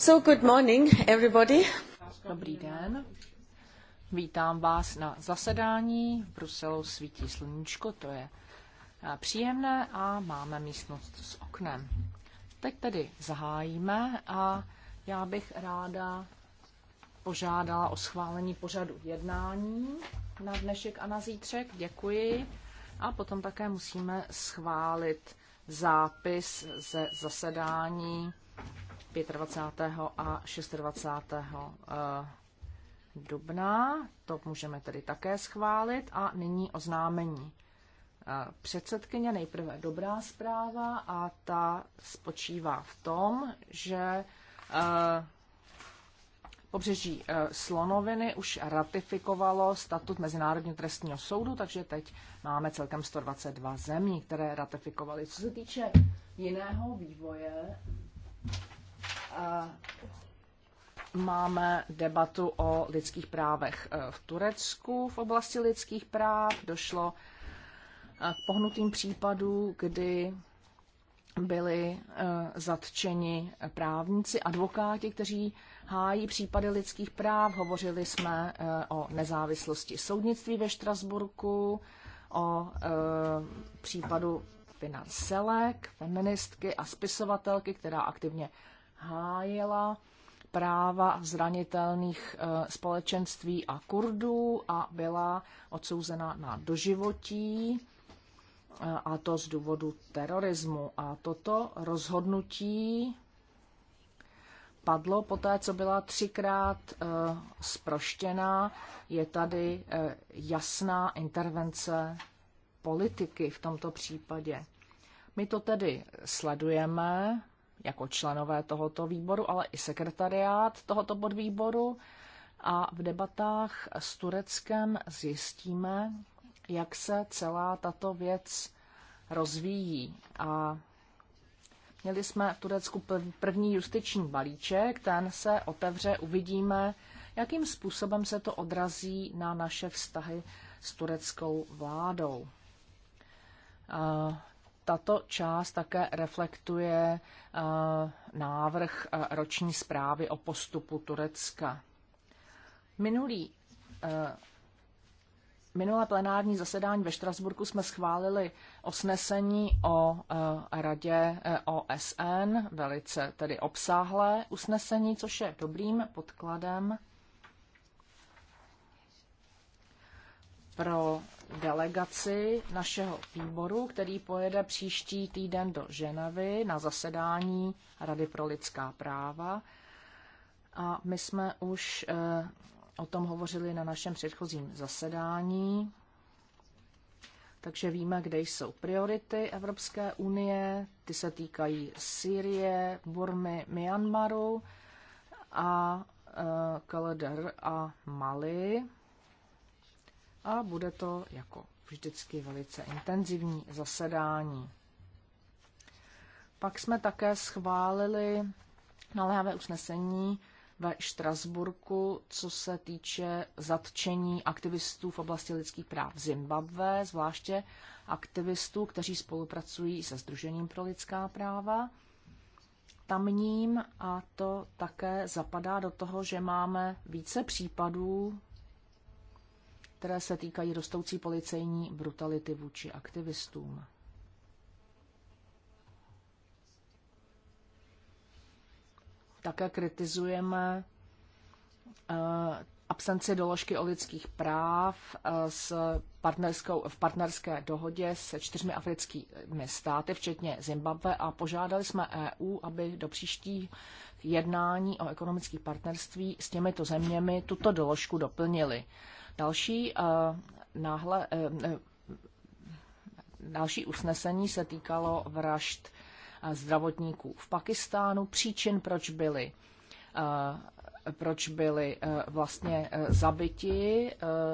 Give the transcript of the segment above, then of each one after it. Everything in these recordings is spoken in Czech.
So good morning, everybody. Dobrý den. Vítám vás na zasedání. V Bruselu svítí sluníčko, to je eh, příjemné a máme místnost s oknem. Teď tedy zahájíme a já bych ráda požádala o schválení pořadu jednání na dnešek a na zítřek. Děkuji. A potom také musíme schválit zápis ze zasedání 25. a 26. Eh, dubna. To můžeme tedy také schválit. A nyní oznámení eh, předsedkyně. Nejprve dobrá zpráva a ta spočívá v tom, že eh, pobřeží Slonoviny už ratifikovalo statut Mezinárodního trestního soudu, takže teď máme celkem 122 zemí, které ratifikovaly. Co se týče jiného vývoje, Eh, máme debatu o lidských právech eh, v Turecku. V oblasti lidských práv došlo eh, k pohnutým případů, kdy byli zatčeni právníci, advokáti, kteří hájí případy lidských práv. Hovořili jsme o nezávislosti soudnictví ve Štrasburku, o případu Finan Selek, feministky a spisovatelky, která aktivně hájila práva zranitelných eh, společenství a Kurdů a byla odsouzena na doživotí eh, a to z důvodu terorismu. A toto rozhodnutí padlo poté, co byla třikrát sproštěná. Eh, Je tady jasná intervence politiky v tomto případě. My to tedy sledujeme jako členové tohoto výboru, ale i sekretariát tohoto podvýboru. A v debatách s Tureckem zjistíme, jak se celá tato věc rozvíjí. A měli jsme v Turecku první justiční balíček, ten se otevře, uvidíme, jakým způsobem se to odrazí na naše vztahy s tureckou vládou tato část také reflektuje eh, návrh eh, roční zprávy o postupu Turecka. Minulý, eh, minulé plenární zasedání ve Štrasburku jsme schválili osnesení o radě OSN, velice tedy obsáhlé usnesení, což je dobrým podkladem pro delegaci našeho výboru, který pojede příští týden do Ženevy na zasedání Rady pro lidská práva. A my jsme už eh, o tom hovořili na našem předchozím zasedání. Takže víme, kde jsou priority Evropské unie. Ty se týkají Syrie, Burmy, Myanmaru a e, a Mali a bude to jako vždycky velice intenzivní zasedání. Pak jsme také schválili naléhavé usnesení ve Štrasburku, co se týče zatčení aktivistů v oblasti lidských práv v Zimbabve, zvláště aktivistů, kteří spolupracují se Združením pro lidská práva tamním a to také zapadá do toho, že máme více případů které se týkají rostoucí policejní brutality vůči aktivistům. Také kritizujeme eh, absenci doložky o lidských práv eh, s partnerskou, v partnerské dohodě se čtyřmi africkými státy, včetně Zimbabwe, a požádali jsme EU, aby do příští jednání o ekonomických partnerství s těmito zeměmi tuto doložku doplnili. Další eh, náhle, eh, eh, další usnesení se týkalo vražd zdravotníků v Pakistánu, příčin, proč uh, proč byli vlastně zabiti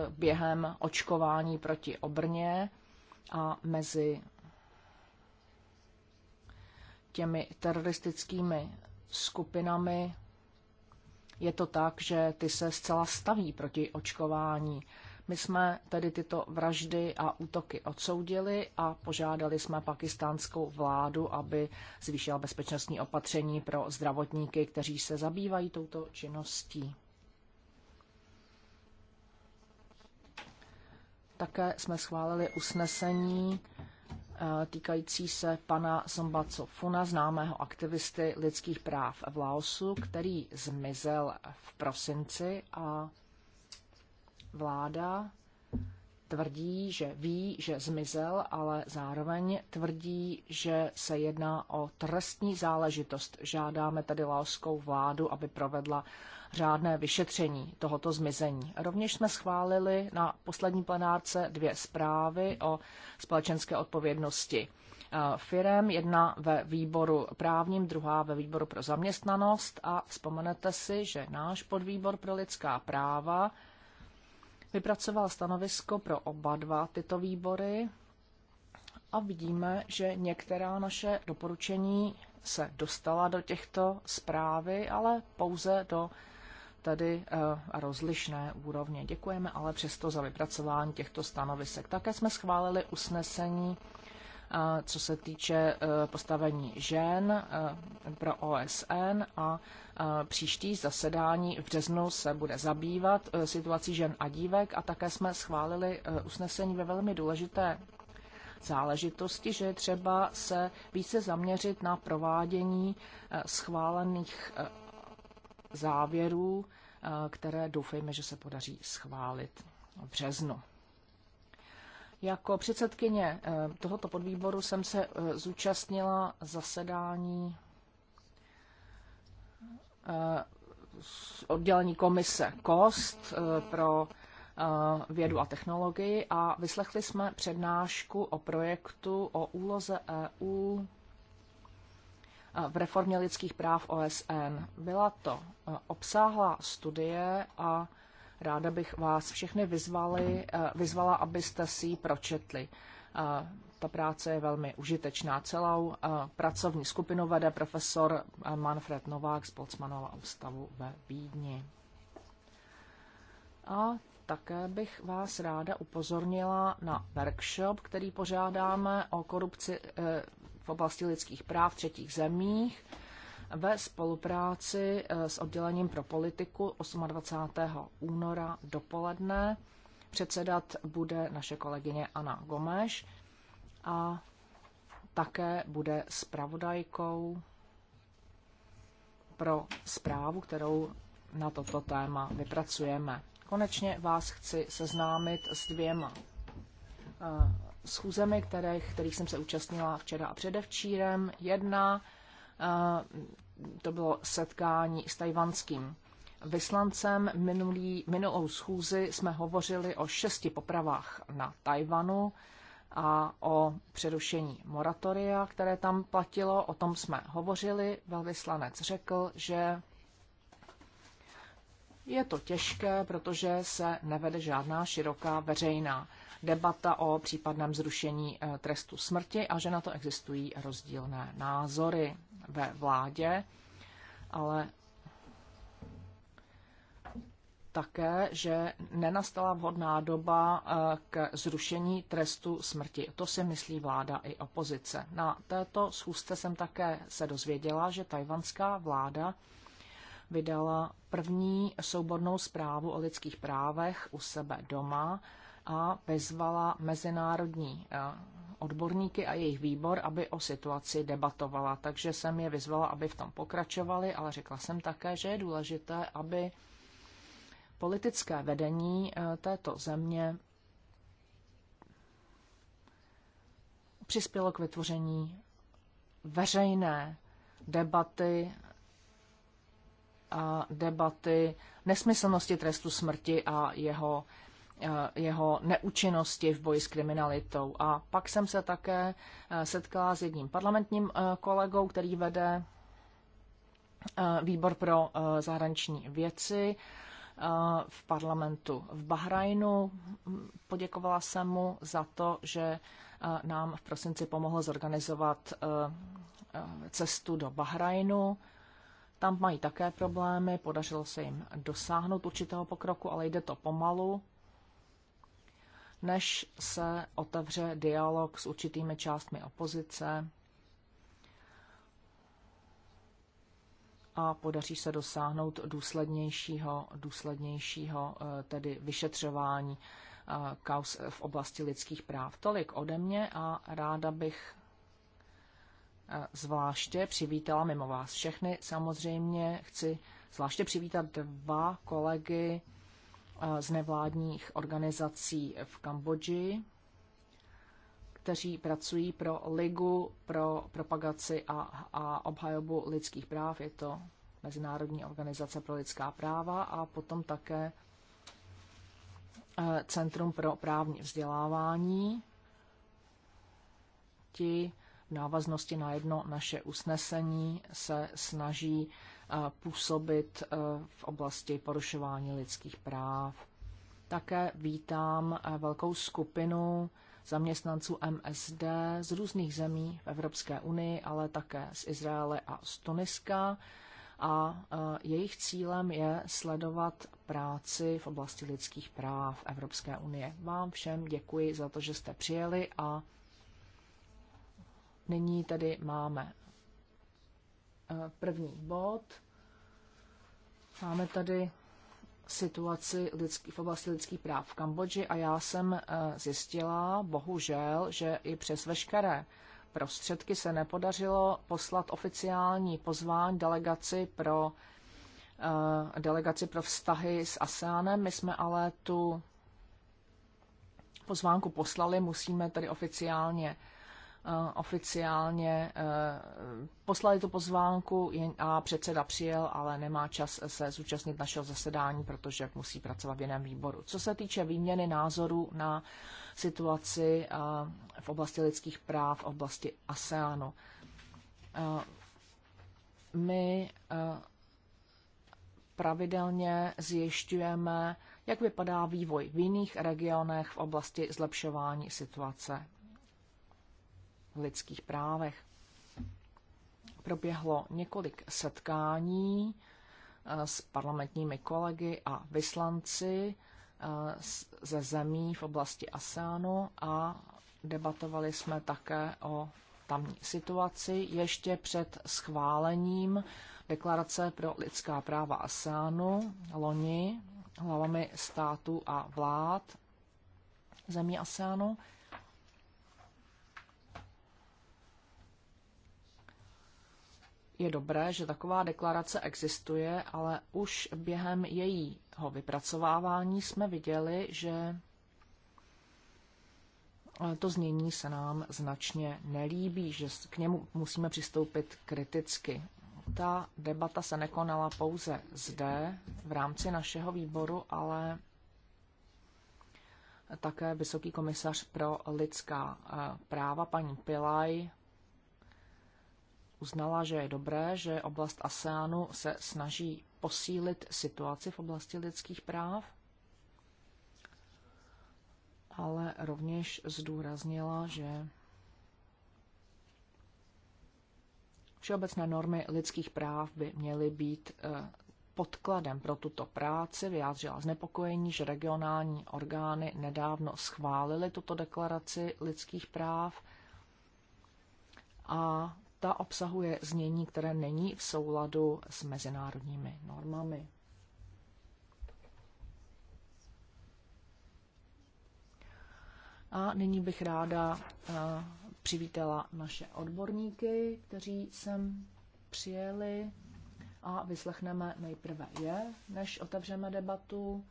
během očkování proti obrně a mezi těmi teroristickými skupinami je to tak, že ty se zcela staví proti očkování. My jsme tedy tyto vraždy a útoky odsoudili a požádali jsme pakistánskou vládu, aby zvýšila bezpečnostní opatření pro zdravotníky, kteří se zabývají touto činností. Také jsme schválili usnesení Eh, týkající se pana Sombaco Funa, známého aktivisty lidských práv v Laosu, který zmizel v prosinci a vláda tvrdí, že ví, že zmizel, ale zároveň tvrdí, že se jedná o trestní záležitost. Žádáme tedy laoskou vládu, aby provedla řádné vyšetření tohoto zmizení. Rovněž jsme schválili na poslední plenárce dvě zprávy o společenské odpovědnosti eh, firem, jedna ve výboru právním, druhá ve výboru pro zaměstnanost a vzpomenete si, že náš podvýbor pro lidská práva vypracoval stanovisko pro oba dva tyto výbory a vidíme, že některá naše doporučení se dostala do těchto zprávy, ale pouze do tedy eh, rozlišné úrovně. Děkujeme ale přesto za vypracování těchto stanovisek. Také jsme schválili usnesení, eh, co se týče eh, postavení žen pro OSN a příští zasedání v březnu se bude zabývat situací žen a dívek a také jsme schválili usnesení ve velmi důležité záležitosti, že je třeba se více zaměřit na provádění schválených závěrů Eh, které doufejme, že se podaří schválit v březnu. Jako předsedkyně eh, tohoto podvýboru jsem se eh, zúčastnila zasedání oddělení komise KOST pro vědu a technologii a vyslechli jsme přednášku o projektu o úloze EU v reformě lidských práv OSN. Byla to eh, obsáhlá studie a ráda bych vás všechny vyzvali, eh, vyzvala, abyste si ji pročetli. Eh, ta práce je velmi užitečná. Celou pracovní skupinu vede profesor Manfred Novák z Polcmanova ústavu ve Vídni. A také bych vás ráda upozornila na workshop, který pořádáme o korupci v oblasti lidských práv v třetích zemích ve spolupráci eh, s oddělením pro politiku 28. února dopoledne. Předsedat bude naše kolegyně Ana Gomeš a také bude spravodajkou pro zprávu, kterou na toto téma vypracujeme. Konečně vás chci seznámit s dvěma eh, schůzemi, kterých, kterých jsem se účastnila včera a předevčírem. Jedna, eh, to bylo setkání s tajvanským vyslancem. Minulý, minulou schůzi jsme hovořili o šesti popravách na Tajvanu a o přerušení moratoria, které tam platilo. O tom jsme hovořili. Velvyslanec řekl, že je to těžké, protože se nevede žádná široká veřejná debata o případném zrušení eh, trestu smrti a že na to existují rozdílné názory ve vládě, ale také, že nenastala vhodná doba eh, k zrušení trestu smrti. To si myslí vláda i opozice. Na této schůzce jsem také se dozvěděla, že tajvanská vláda vydala první soubornou zprávu o lidských právech u sebe doma a vyzvala mezinárodní eh, odborníky a jejich výbor, aby o situaci debatovala. Takže jsem je vyzvala, aby v tom pokračovali, ale řekla jsem také, že je důležité, aby politické vedení eh, této země přispělo k vytvoření veřejné debaty a eh, debaty nesmyslnosti trestu smrti a jeho Eh, jeho neúčinnosti v boji s kriminalitou. A pak jsem se také eh, setkala s jedním parlamentním eh, kolegou, který vede výbor pro zahraniční věci v parlamentu v Bahrajnu. Poděkovala jsem mu za to, že nám v prosinci pomohl zorganizovat cestu do Bahrajnu. Tam mají také problémy, podařilo se jim dosáhnout určitého pokroku, ale jde to pomalu než se otevře dialog s určitými částmi opozice a podaří se dosáhnout důslednějšího, důslednějšího eh, tedy vyšetřování eh, kaus v oblasti lidských práv. Tolik ode mě a ráda bych eh, zvláště přivítala mimo vás všechny. Samozřejmě chci zvláště přivítat dva kolegy z nevládních organizací v Kambodži, kteří pracují pro Ligu pro propagaci a, a obhajobu lidských práv. Je to Mezinárodní organizace pro lidská práva a potom také eh, Centrum pro právní vzdělávání. Ti v návaznosti na jedno naše usnesení se snaží působit e, v oblasti porušování lidských práv. Také vítám e, velkou skupinu zaměstnanců MSD z různých zemí v Evropské unii, ale také z Izraele a z Tuniska. A e, jejich cílem je sledovat práci v oblasti lidských práv Evropské unie. Vám všem děkuji za to, že jste přijeli a nyní tedy máme Eh, první bod. Máme tady situaci lidský, v oblasti lidských práv v Kambodži a já jsem eh, zjistila, bohužel, že i přes veškeré prostředky se nepodařilo poslat oficiální pozvání delegaci pro, eh, delegaci pro vztahy s ASEANem. My jsme ale tu pozvánku poslali, musíme tedy oficiálně Eh, oficiálně eh, poslali tu pozvánku a předseda přijel, ale nemá čas se zúčastnit našeho zasedání, protože musí pracovat v jiném výboru. Co se týče výměny názorů na situaci eh, v oblasti lidských práv, v oblasti ASEANu, my pravidelně zjišťujeme, jak vypadá vývoj v jiných regionech v oblasti zlepšování situace lidských právech. Proběhlo několik setkání eh, s parlamentními kolegy a vyslanci eh, ze zemí v oblasti ASEANu a debatovali jsme také o tamní situaci ještě před schválením deklarace pro lidská práva ASEANu loni hlavami států a vlád zemí ASEANu. je dobré, že taková deklarace existuje, ale už během jejího vypracovávání jsme viděli, že to znění se nám značně nelíbí, že k němu musíme přistoupit kriticky. Ta debata se nekonala pouze zde, v rámci našeho výboru, ale také vysoký komisař pro lidská eh, práva paní Pilaj uznala, že je dobré, že oblast ASEANu se snaží posílit situaci v oblasti lidských práv, ale rovněž zdůraznila, že všeobecné normy lidských práv by měly být eh, podkladem pro tuto práci. Vyjádřila znepokojení, že regionální orgány nedávno schválily tuto deklaraci lidských práv a ta obsahuje znění, které není v souladu s mezinárodními normami. A nyní bych ráda eh, přivítala naše odborníky, kteří sem přijeli a vyslechneme nejprve je, než otevřeme debatu.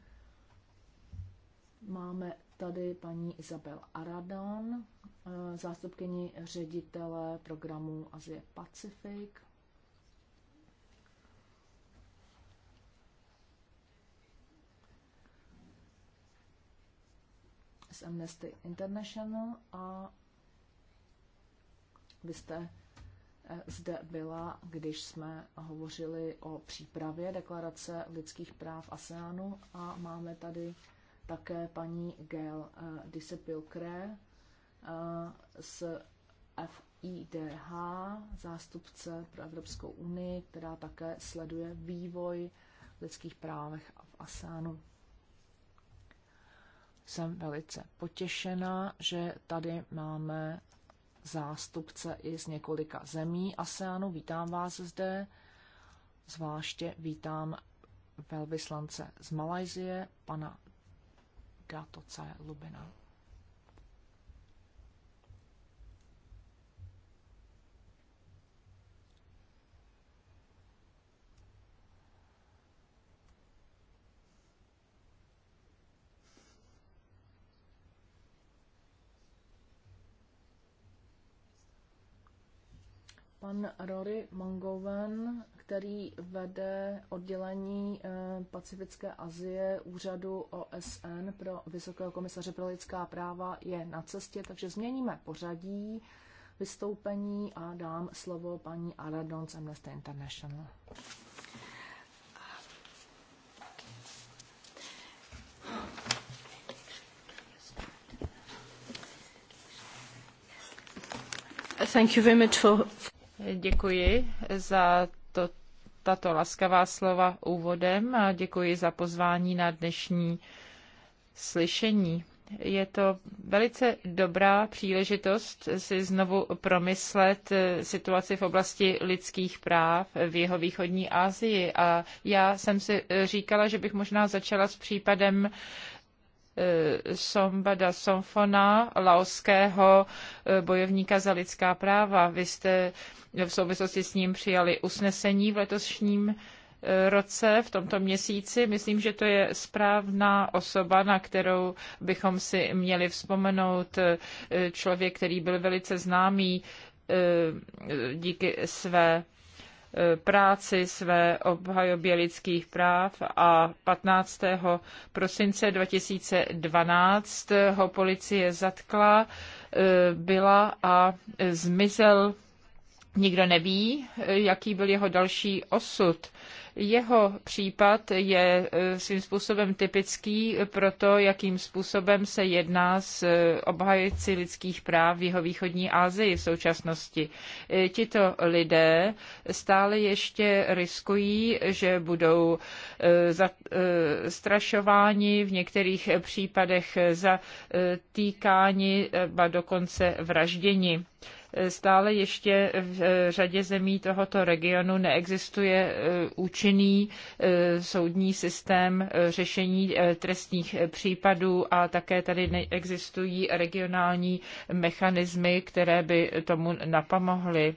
Máme tady paní Izabel Aradon, Eh, zástupkyni ředitele programu Azie Pacific. z Amnesty International a vy jste eh, zde byla, když jsme hovořili o přípravě deklarace lidských práv ASEANu a máme tady také paní Gail eh, Disepilkré, Eh, s FIDH, zástupce pro Evropskou unii, která také sleduje vývoj v lidských právech a v ASEANu. Jsem velice potěšena, že tady máme zástupce i z několika zemí ASEANu. Vítám vás zde. Zvláště vítám velvyslance z Malajzie, pana Gatoce Lubina. pan Rory Mangoven, který vede oddělení eh, Pacifické Azie úřadu OSN pro Vysokého komisaře pro lidská práva, je na cestě, takže změníme pořadí vystoupení a dám slovo paní Aradon z Amnesty International. Thank you very much for... Děkuji za to, tato laskavá slova úvodem a děkuji za pozvání na dnešní slyšení. Je to velice dobrá příležitost si znovu promyslet situaci v oblasti lidských práv v jeho východní Asii. A já jsem si říkala, že bych možná začala s případem Eh, Sombada Somfona, laoského eh, bojovníka za lidská práva. Vy jste v souvislosti s ním přijali usnesení v letošním eh, roce, v tomto měsíci. Myslím, že to je správná osoba, na kterou bychom si měli vzpomenout. Člověk, který byl velice známý díky své práci své obhajobě lidských práv a 15. prosince 2012 ho policie zatkla, e, byla a zmizel Nikdo neví, jaký byl jeho další osud. Jeho případ je e, svým způsobem typický pro to, jakým způsobem se jedná s e, obhajci lidských práv v jeho východní Asii v současnosti. E, tito lidé stále ještě riskují, že budou zastrašováni, v některých případech zatýkáni, ba dokonce vražděni stále ještě v eh, řadě zemí tohoto regionu neexistuje eh, účinný eh, soudní systém řešení trestních případů a také tady neexistují regionální mechanismy, které by tomu napomohly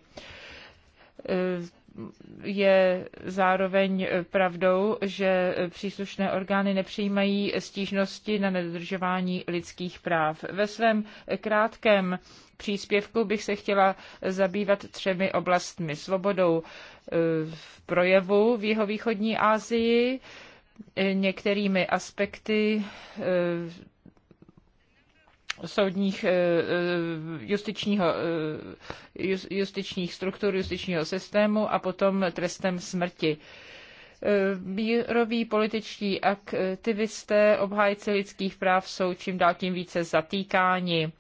je zároveň pravdou, že příslušné orgány nepřijímají stížnosti na nedodržování lidských práv. Ve svém krátkém příspěvku bych se chtěla zabývat třemi oblastmi. Svobodou v eh, projevu v jeho východní Asii, eh, některými aspekty eh, soudních eh, eh, justičního, eh, justičních struktur, justičního systému a potom trestem smrti míroví političtí aktivisté, obhájci lidských práv jsou čím dál tím více zatýkáni.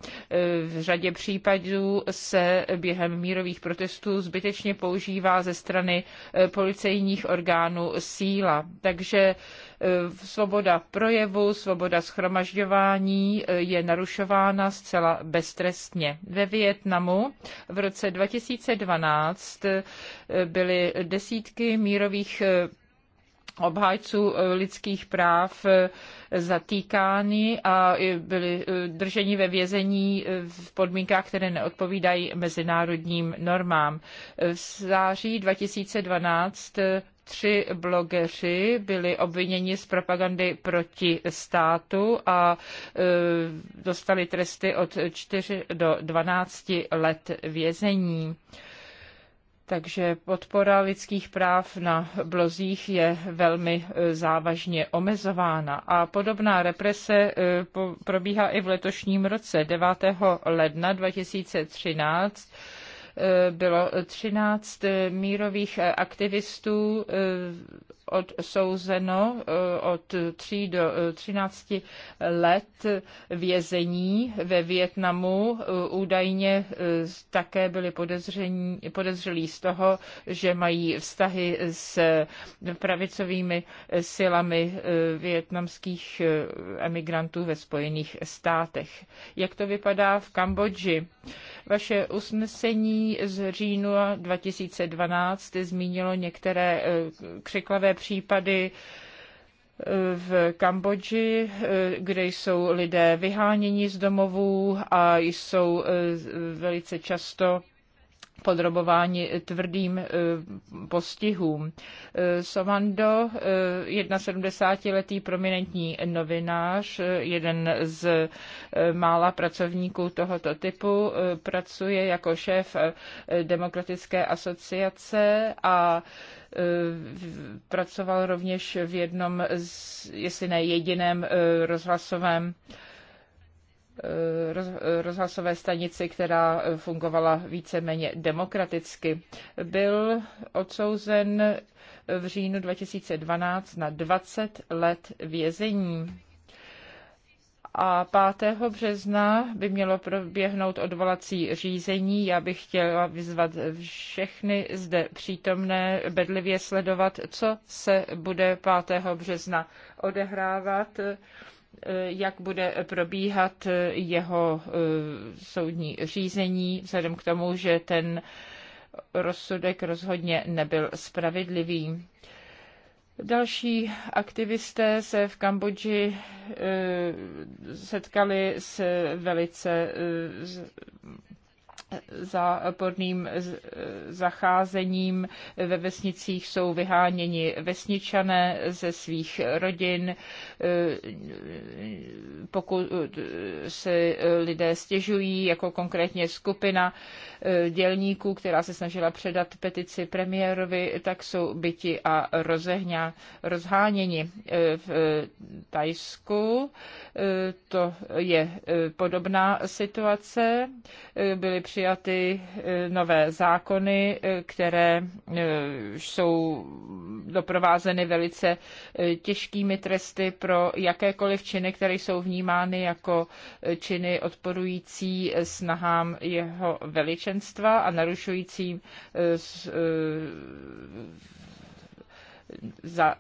V řadě případů se během mírových protestů zbytečně používá ze strany policejních orgánů síla. Takže Eh, svoboda projevu, svoboda schromažďování eh, je narušována zcela beztrestně. Ve Vietnamu v roce 2012 eh, byly desítky mírových obhájců lidských práv zatýkáni a byli drženi ve vězení v podmínkách, které neodpovídají mezinárodním normám. V září 2012 tři blogeři byli obviněni z propagandy proti státu a e, dostali tresty od 4 do 12 let vězení. Takže podpora lidských práv na blozích je velmi e, závažně omezována. A podobná represe e, probíhá i v letošním roce. 9. ledna 2013 Eh, bylo 13 mírových eh, aktivistů eh, odsouzeno eh, od 3 do 13 eh, let vězení ve Vietnamu. Eh, údajně také byli podezřelí z toho, že mají vztahy s pravicovými silami vietnamských emigrantů ve Spojených státech. Jak to vypadá v Kambodži? Vaše usnesení z říjnu 2012 zmínilo některé křiklavé případy eh, v Kambodži, eh, kde jsou lidé vyháněni z domovů a jsou eh, velice často podrobováni tvrdým eh, postihům. Eh, Somando, 71-letý eh, prominentní novinář, jeden z mála pracovníků tohoto typu, pracuje jako šéf Demokratické asociace a pracoval rovněž v jednom, z, jestli ne jediném rozhlasovém Eh, eh, rozhlasové stanici, která eh, fungovala víceméně demokraticky. Byl odsouzen v říjnu 2012 na 20 let vězení a 5. března by mělo proběhnout odvolací řízení. Já bych chtěla vyzvat všechny zde přítomné bedlivě sledovat, co se bude 5. března odehrávat. Eh, jak bude probíhat eh, jeho eh, soudní řízení, vzhledem k tomu, že ten rozsudek rozhodně nebyl spravedlivý. Další aktivisté se v Kambodži setkali s velice za podným zacházením. Ve vesnicích jsou vyháněni vesničané ze svých rodin. Pokud se lidé stěžují, jako konkrétně skupina eh, dělníků, která se snažila předat petici premiérovi, tak jsou byti a rozehňa, rozháněni eh, v eh, Tajsku. To je podobná situace. Byly při přijaty e, nové zákony, e, které e, jsou doprovázeny velice těžkými tresty pro jakékoliv činy, které jsou vnímány jako činy odporující snahám jeho veličenstva a narušujícím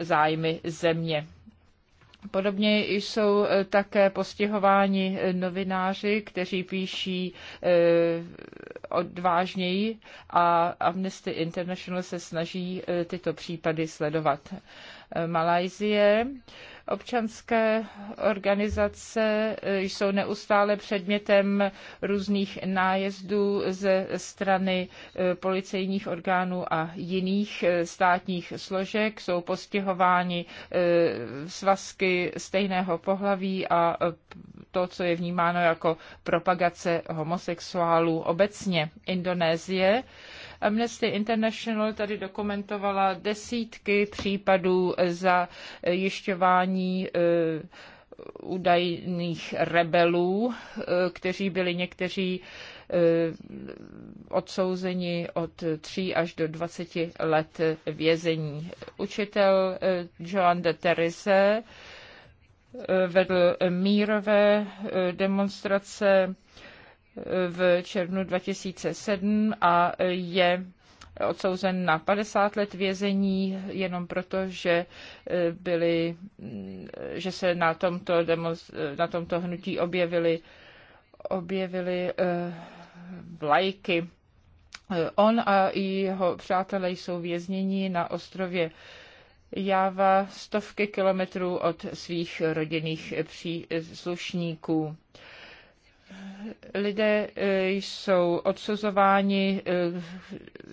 zájmy země. Podobně jsou eh, také postihováni eh, novináři, kteří píší eh, odvážněji a Amnesty International se snaží tyto případy sledovat. Malajzie Občanské organizace eh, jsou neustále předmětem různých nájezdů ze strany eh, policejních orgánů a jiných eh, státních složek. Jsou postihováni svazky stejného pohlaví a to, co je vnímáno jako propagace homosexuálů obecně. Indonésie Amnesty International tady dokumentovala desítky případů za jišťování eh, údajných rebelů, eh, kteří byli někteří eh, odsouzeni od 3 až do 20 let vězení. Učitel Joan de Terese vedl mírové demonstrace v červnu 2007 a je odsouzen na 50 let vězení jenom proto, že, eh, byli, mm, že se na tomto, demo, na tomto hnutí objevili, objevili eh, vlajky. Eh, on a i jeho přátelé jsou vězněni na ostrově Java stovky kilometrů od svých rodinných příslušníků lidé eh, jsou odsuzováni eh,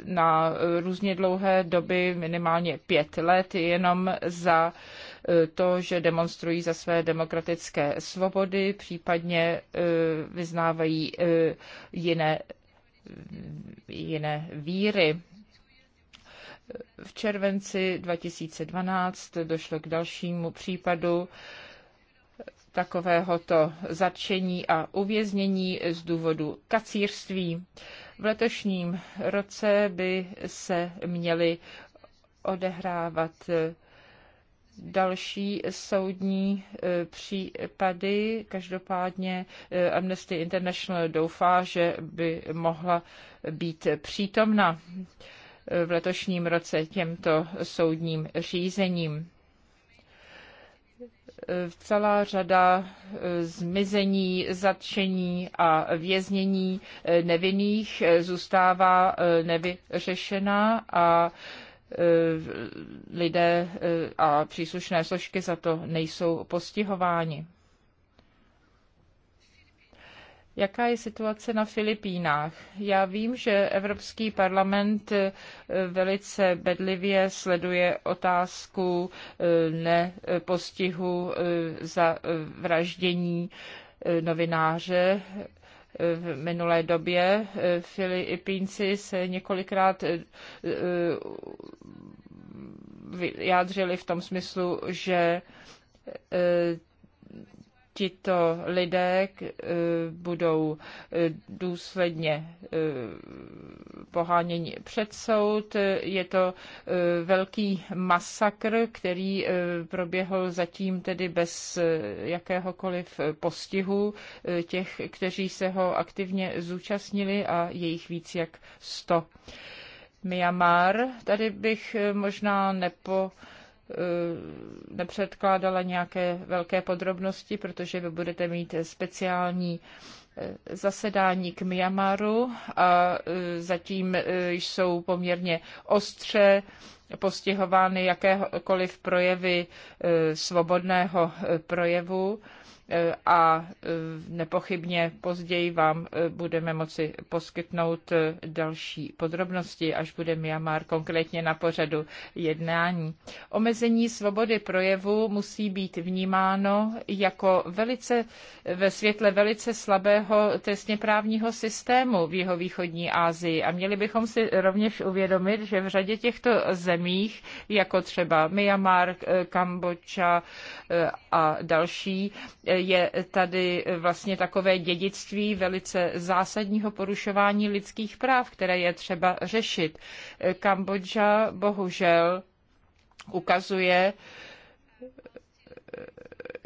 na různě dlouhé doby, minimálně pět let, jenom za eh, to, že demonstrují za své demokratické svobody, případně vyznávají jiné, jiné víry. V červenci 2012 došlo k dalšímu případu takovéhoto zatčení a uvěznění z důvodu kacírství. V letošním roce by se měly odehrávat další soudní e, případy. Každopádně e, Amnesty International doufá, že by mohla být přítomna v letošním roce těmto soudním řízením. Eh, celá řada eh, zmizení, zatčení a věznění eh, nevinných zůstává nevyřešená a lidé a příslušné složky za to nejsou postihováni. Jaká je situace na Filipínách? Já vím, že Evropský parlament eh, velice bedlivě sleduje otázku eh, nepostihu eh, za vraždění novináře v minulé době. Filipínci se několikrát vyjádřili v tom smyslu, že tito lidé eh, budou eh, důsledně eh, poháněni před soud. Je to velký masakr, který proběhl zatím tedy bez jakéhokoliv postihu těch, kteří se ho aktivně zúčastnili a jejich víc jak sto Myanmar, tady bych možná nepo Eh, nepředkládala nějaké velké podrobnosti, protože vy budete mít speciální eh, zasedání k Myanmaru a eh, zatím jsou poměrně ostře postihovány jakékoliv projevy svobodného projevu. E, a e, nepochybně později vám e, budeme moci poskytnout další podrobnosti, až bude Myanmar konkrétně na pořadu jednání. Omezení svobody projevu musí být vnímáno jako velice, ve světle velice slabého trestně právního systému v jeho východní Asii. A měli bychom si rovněž uvědomit, že v řadě těchto zemích, jako třeba Myanmar, Kambodža a další, je tady vlastně takové dědictví velice zásadního porušování lidských práv, které je třeba řešit. Kambodža bohužel ukazuje,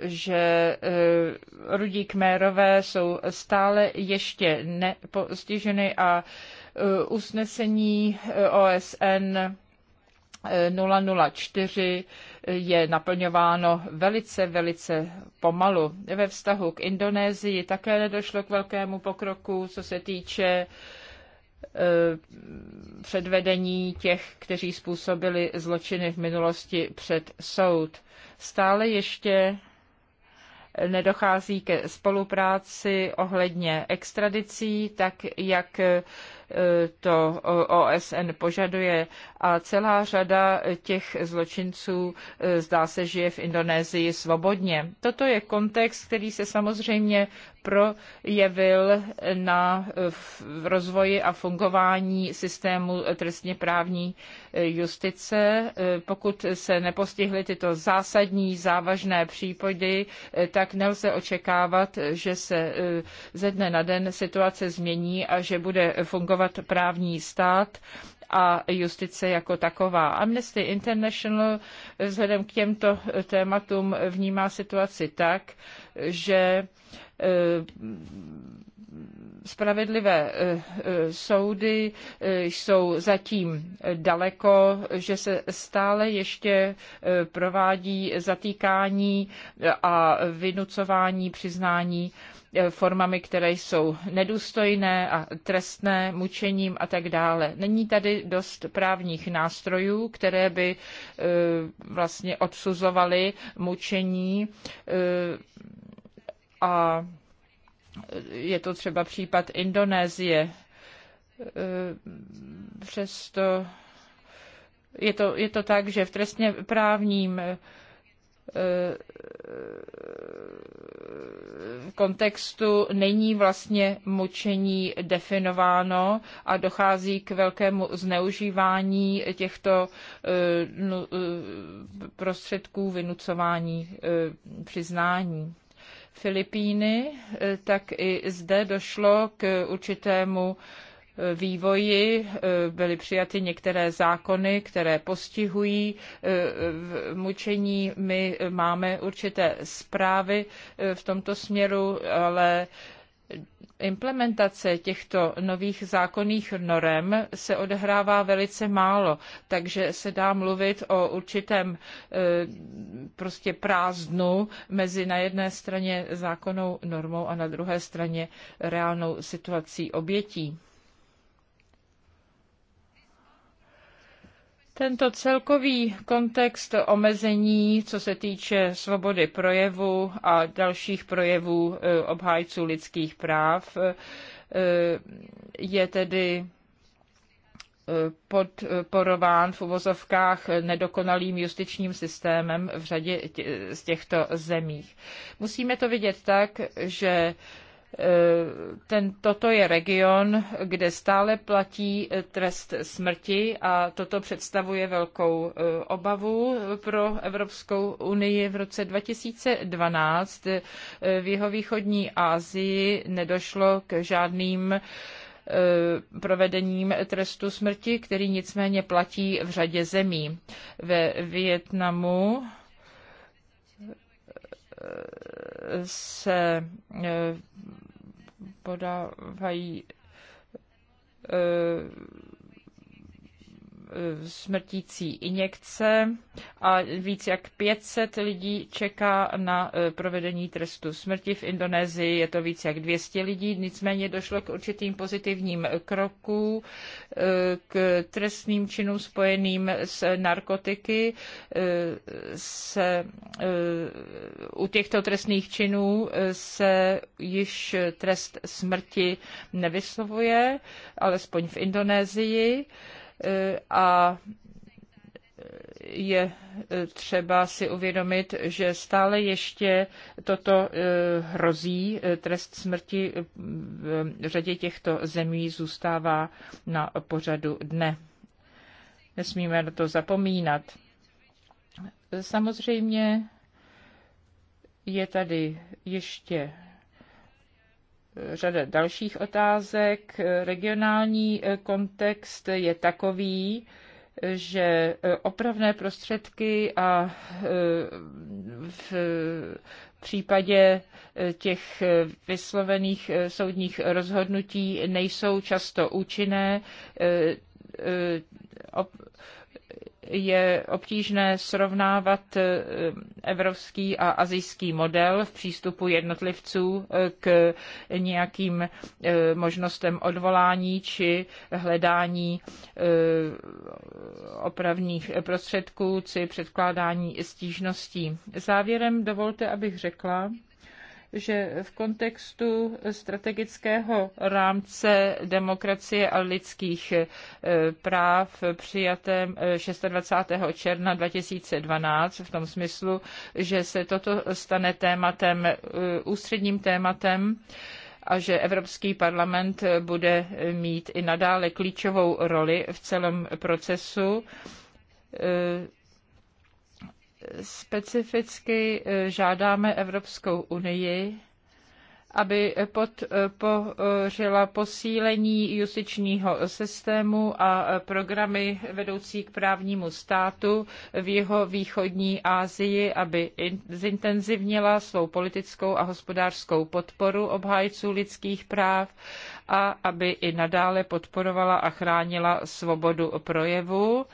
že eh, rudí kmérové jsou stále ještě nepostiženy a eh, usnesení eh, OSN 004 je naplňováno velice, velice pomalu. Ve vztahu k Indonésii také nedošlo k velkému pokroku, co se týče e, předvedení těch, kteří způsobili zločiny v minulosti před soud. Stále ještě nedochází ke spolupráci ohledně extradicí, tak jak to OSN požaduje a celá řada těch zločinců eh, zdá se žije v Indonésii svobodně. Toto je kontext, který se samozřejmě projevil na eh, v rozvoji a fungování systému trestně právní eh, justice. Pokud se nepostihly tyto zásadní závažné případy, tak nelze očekávat, že se ze dne na den situace změní a že bude fungovat respektovat právní stát a justice jako taková. Amnesty International vzhledem k těmto tématům vnímá situaci tak, že eh, spravedlivé eh, eh, soudy eh, jsou zatím daleko, že se stále ještě provádí zatýkání a vynucování přiznání formami, které jsou nedůstojné a trestné, mučením a tak dále. Není tady dost právních nástrojů, které by vlastně odsuzovaly mučení a je to třeba případ Indonésie. E, přesto je to, je to tak, že v trestně právním v e, e, kontextu není vlastně mučení definováno a dochází k velkému zneužívání těchto prostředků vynucování přiznání. Filipíny, eh, tak i zde došlo k určitému eh, vývoji eh, byly přijaty některé zákony, které postihují mučení. My máme určité zprávy v tomto směru, ale implementace těchto nových zákonných norem se odehrává velice málo, takže se dá mluvit o určitém e, prostě prázdnu mezi na jedné straně zákonnou normou a na druhé straně reálnou situací obětí. Tento celkový kontext omezení, co se týče svobody projevu a dalších projevů e, obhájců lidských práv, e, je tedy e, podporován v uvozovkách nedokonalým justičním systémem v řadě z těchto zemích. Musíme to vidět tak, že ten, toto je region, kde stále platí eh, trest smrti a toto představuje velkou eh, obavu pro Evropskou unii. V roce 2012 eh, v jeho východní Asii nedošlo k žádným provedením trestu smrti, který nicméně platí v řadě zemí. Ve Vietnamu se eh, podávají eh, Eh, smrtící injekce a víc jak 500 lidí čeká na eh, provedení trestu smrti. V Indonésii je to víc jak 200 lidí, nicméně došlo k určitým pozitivním kroků eh, k trestným činům spojeným s narkotiky. Se, u těchto trestných činů se již trest smrti nevyslovuje, alespoň v Indonésii. E, a je třeba si uvědomit, že stále ještě toto e, hrozí. E, trest smrti v řadě těchto zemí zůstává na pořadu dne. Nesmíme na to zapomínat. Samozřejmě je tady ještě řada dalších otázek. Regionální eh, kontext je takový, že eh, opravné prostředky a eh, v případě těch vyslovených soudních rozhodnutí nejsou často účinné je obtížné srovnávat eh, evropský a azijský model v přístupu jednotlivců eh, k nějakým eh, možnostem odvolání či hledání opravných prostředků či předkládání stížností. Závěrem dovolte, abych řekla, že v kontextu strategického rámce demokracie a lidských eh, práv přijatém 26. Eh, června 2012 v tom smyslu, že se toto stane tématem, eh, ústředním tématem, a že Evropský parlament bude mít i nadále klíčovou roli v celém procesu specificky eh, žádáme Evropskou unii, aby podpořila eh, posílení justičního systému a eh, programy vedoucí k právnímu státu v jeho východní Asii, aby zintenzivnila svou politickou a hospodářskou podporu obhájců lidských práv a aby i nadále podporovala a chránila svobodu projevu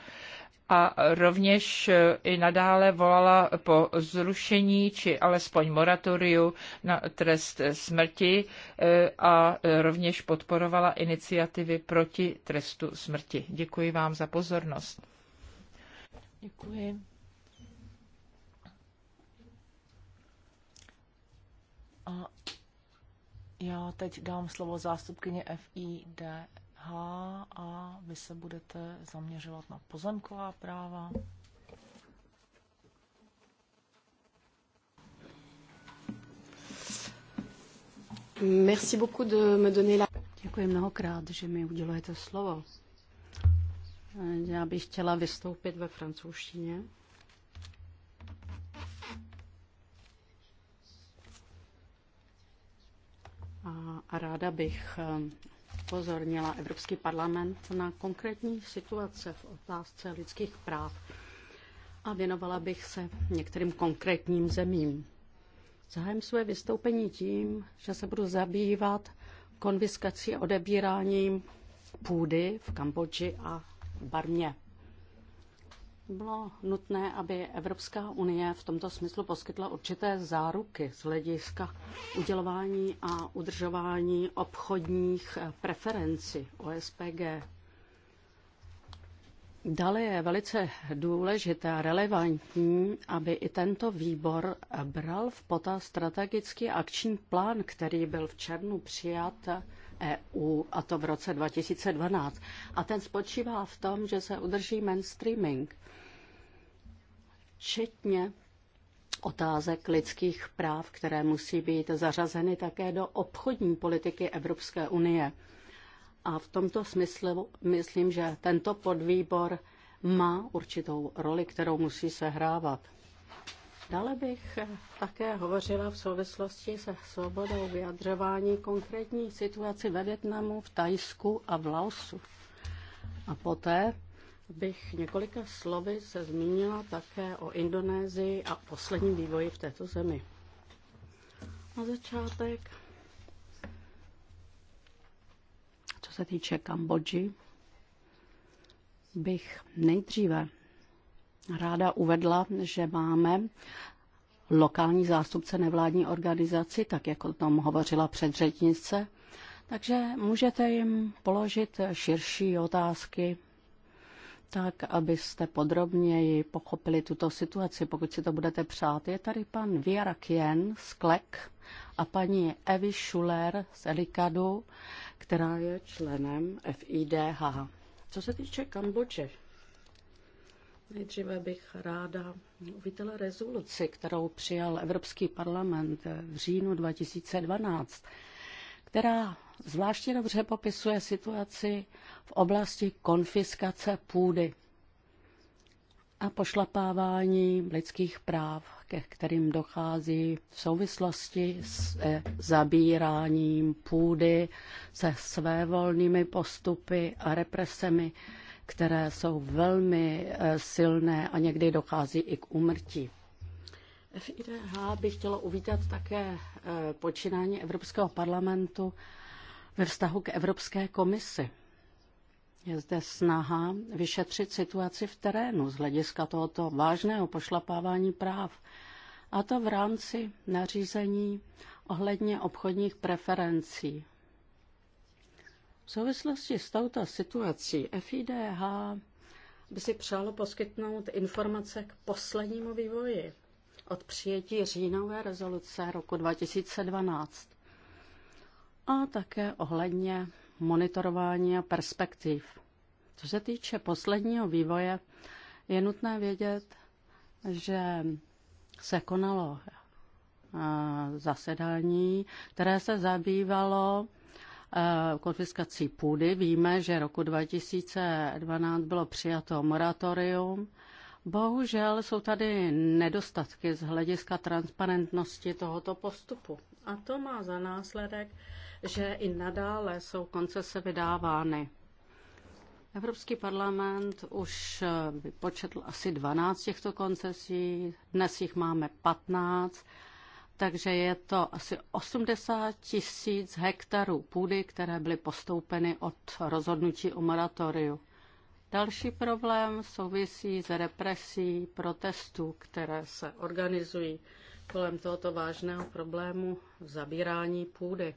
a rovněž eh, i nadále volala po zrušení či alespoň moratoriu na trest smrti eh, a rovněž podporovala iniciativy proti trestu smrti. Děkuji vám za pozornost. Děkuji. A já teď dám slovo zástupkyně FiD a vy se budete zaměřovat na pozemková práva. Merci beaucoup de me donner la... Děkuji mnohokrát, že mi udělujete slovo. Já bych chtěla vystoupit ve francouzštině. A ráda bych upozornila Evropský parlament na konkrétní situace v otázce lidských práv a věnovala bych se některým konkrétním zemím. Zahájím své vystoupení tím, že se budu zabývat konfiskací a odebíráním půdy v Kambodži a Barmě bylo nutné, aby Evropská unie v tomto smyslu poskytla určité záruky z hlediska udělování a udržování obchodních eh, preferencí OSPG. Dále je velice důležité a relevantní, aby i tento výbor bral v potaz strategický akční plán, který byl v červnu přijat EU, a to v roce 2012. A ten spočívá v tom, že se udrží mainstreaming včetně otázek lidských práv, které musí být zařazeny také do obchodní politiky Evropské unie. A v tomto smyslu myslím, že tento podvýbor má určitou roli, kterou musí sehrávat. Dále bych také hovořila v souvislosti se svobodou vyjadřování konkrétní situaci ve Větnamu, v Tajsku a v Laosu. A poté bych několika slovy se zmínila také o Indonésii a posledním vývoji v této zemi. Na začátek, co se týče Kambodži, bych nejdříve ráda uvedla, že máme lokální zástupce nevládní organizaci, tak jak o tom hovořila předřečnice, takže můžete jim položit širší otázky tak abyste podrobněji pochopili tuto situaci, pokud si to budete přát. Je tady pan Kien z Klek a paní Evi Schuler z Elikadu, která je členem FIDH. Co se týče Kambodže, nejdříve bych ráda uvítala rezoluci, kterou přijal Evropský parlament v říjnu 2012 která zvláště dobře popisuje situaci v oblasti konfiskace půdy a pošlapávání lidských práv, ke kterým dochází v souvislosti s e, zabíráním půdy, se svévolnými postupy a represemi, které jsou velmi e, silné a někdy dochází i k umrtí. FIDH bych chtěla uvítat také eh, počínání Evropského parlamentu ve vztahu k Evropské komisi. Je zde snaha vyšetřit situaci v terénu z hlediska tohoto vážného pošlapávání práv, a to v rámci nařízení ohledně obchodních preferencí. V souvislosti s touto situací FIDH by si přálo poskytnout informace k poslednímu vývoji od přijetí říjnové rezoluce roku 2012 a také ohledně monitorování a perspektiv. Co se týče posledního vývoje, je nutné vědět, že se konalo eh, zasedání, které se zabývalo eh, konfiskací půdy. Víme, že roku 2012 bylo přijato moratorium Bohužel jsou tady nedostatky z hlediska transparentnosti tohoto postupu. A to má za následek, že i nadále jsou koncese vydávány. Evropský parlament už vypočetl eh, asi 12 těchto koncesí, dnes jich máme 15, takže je to asi 80 tisíc hektarů půdy, které byly postoupeny od rozhodnutí o moratoriu. Další problém souvisí s represí protestů, které se organizují kolem tohoto vážného problému zabírání půdy.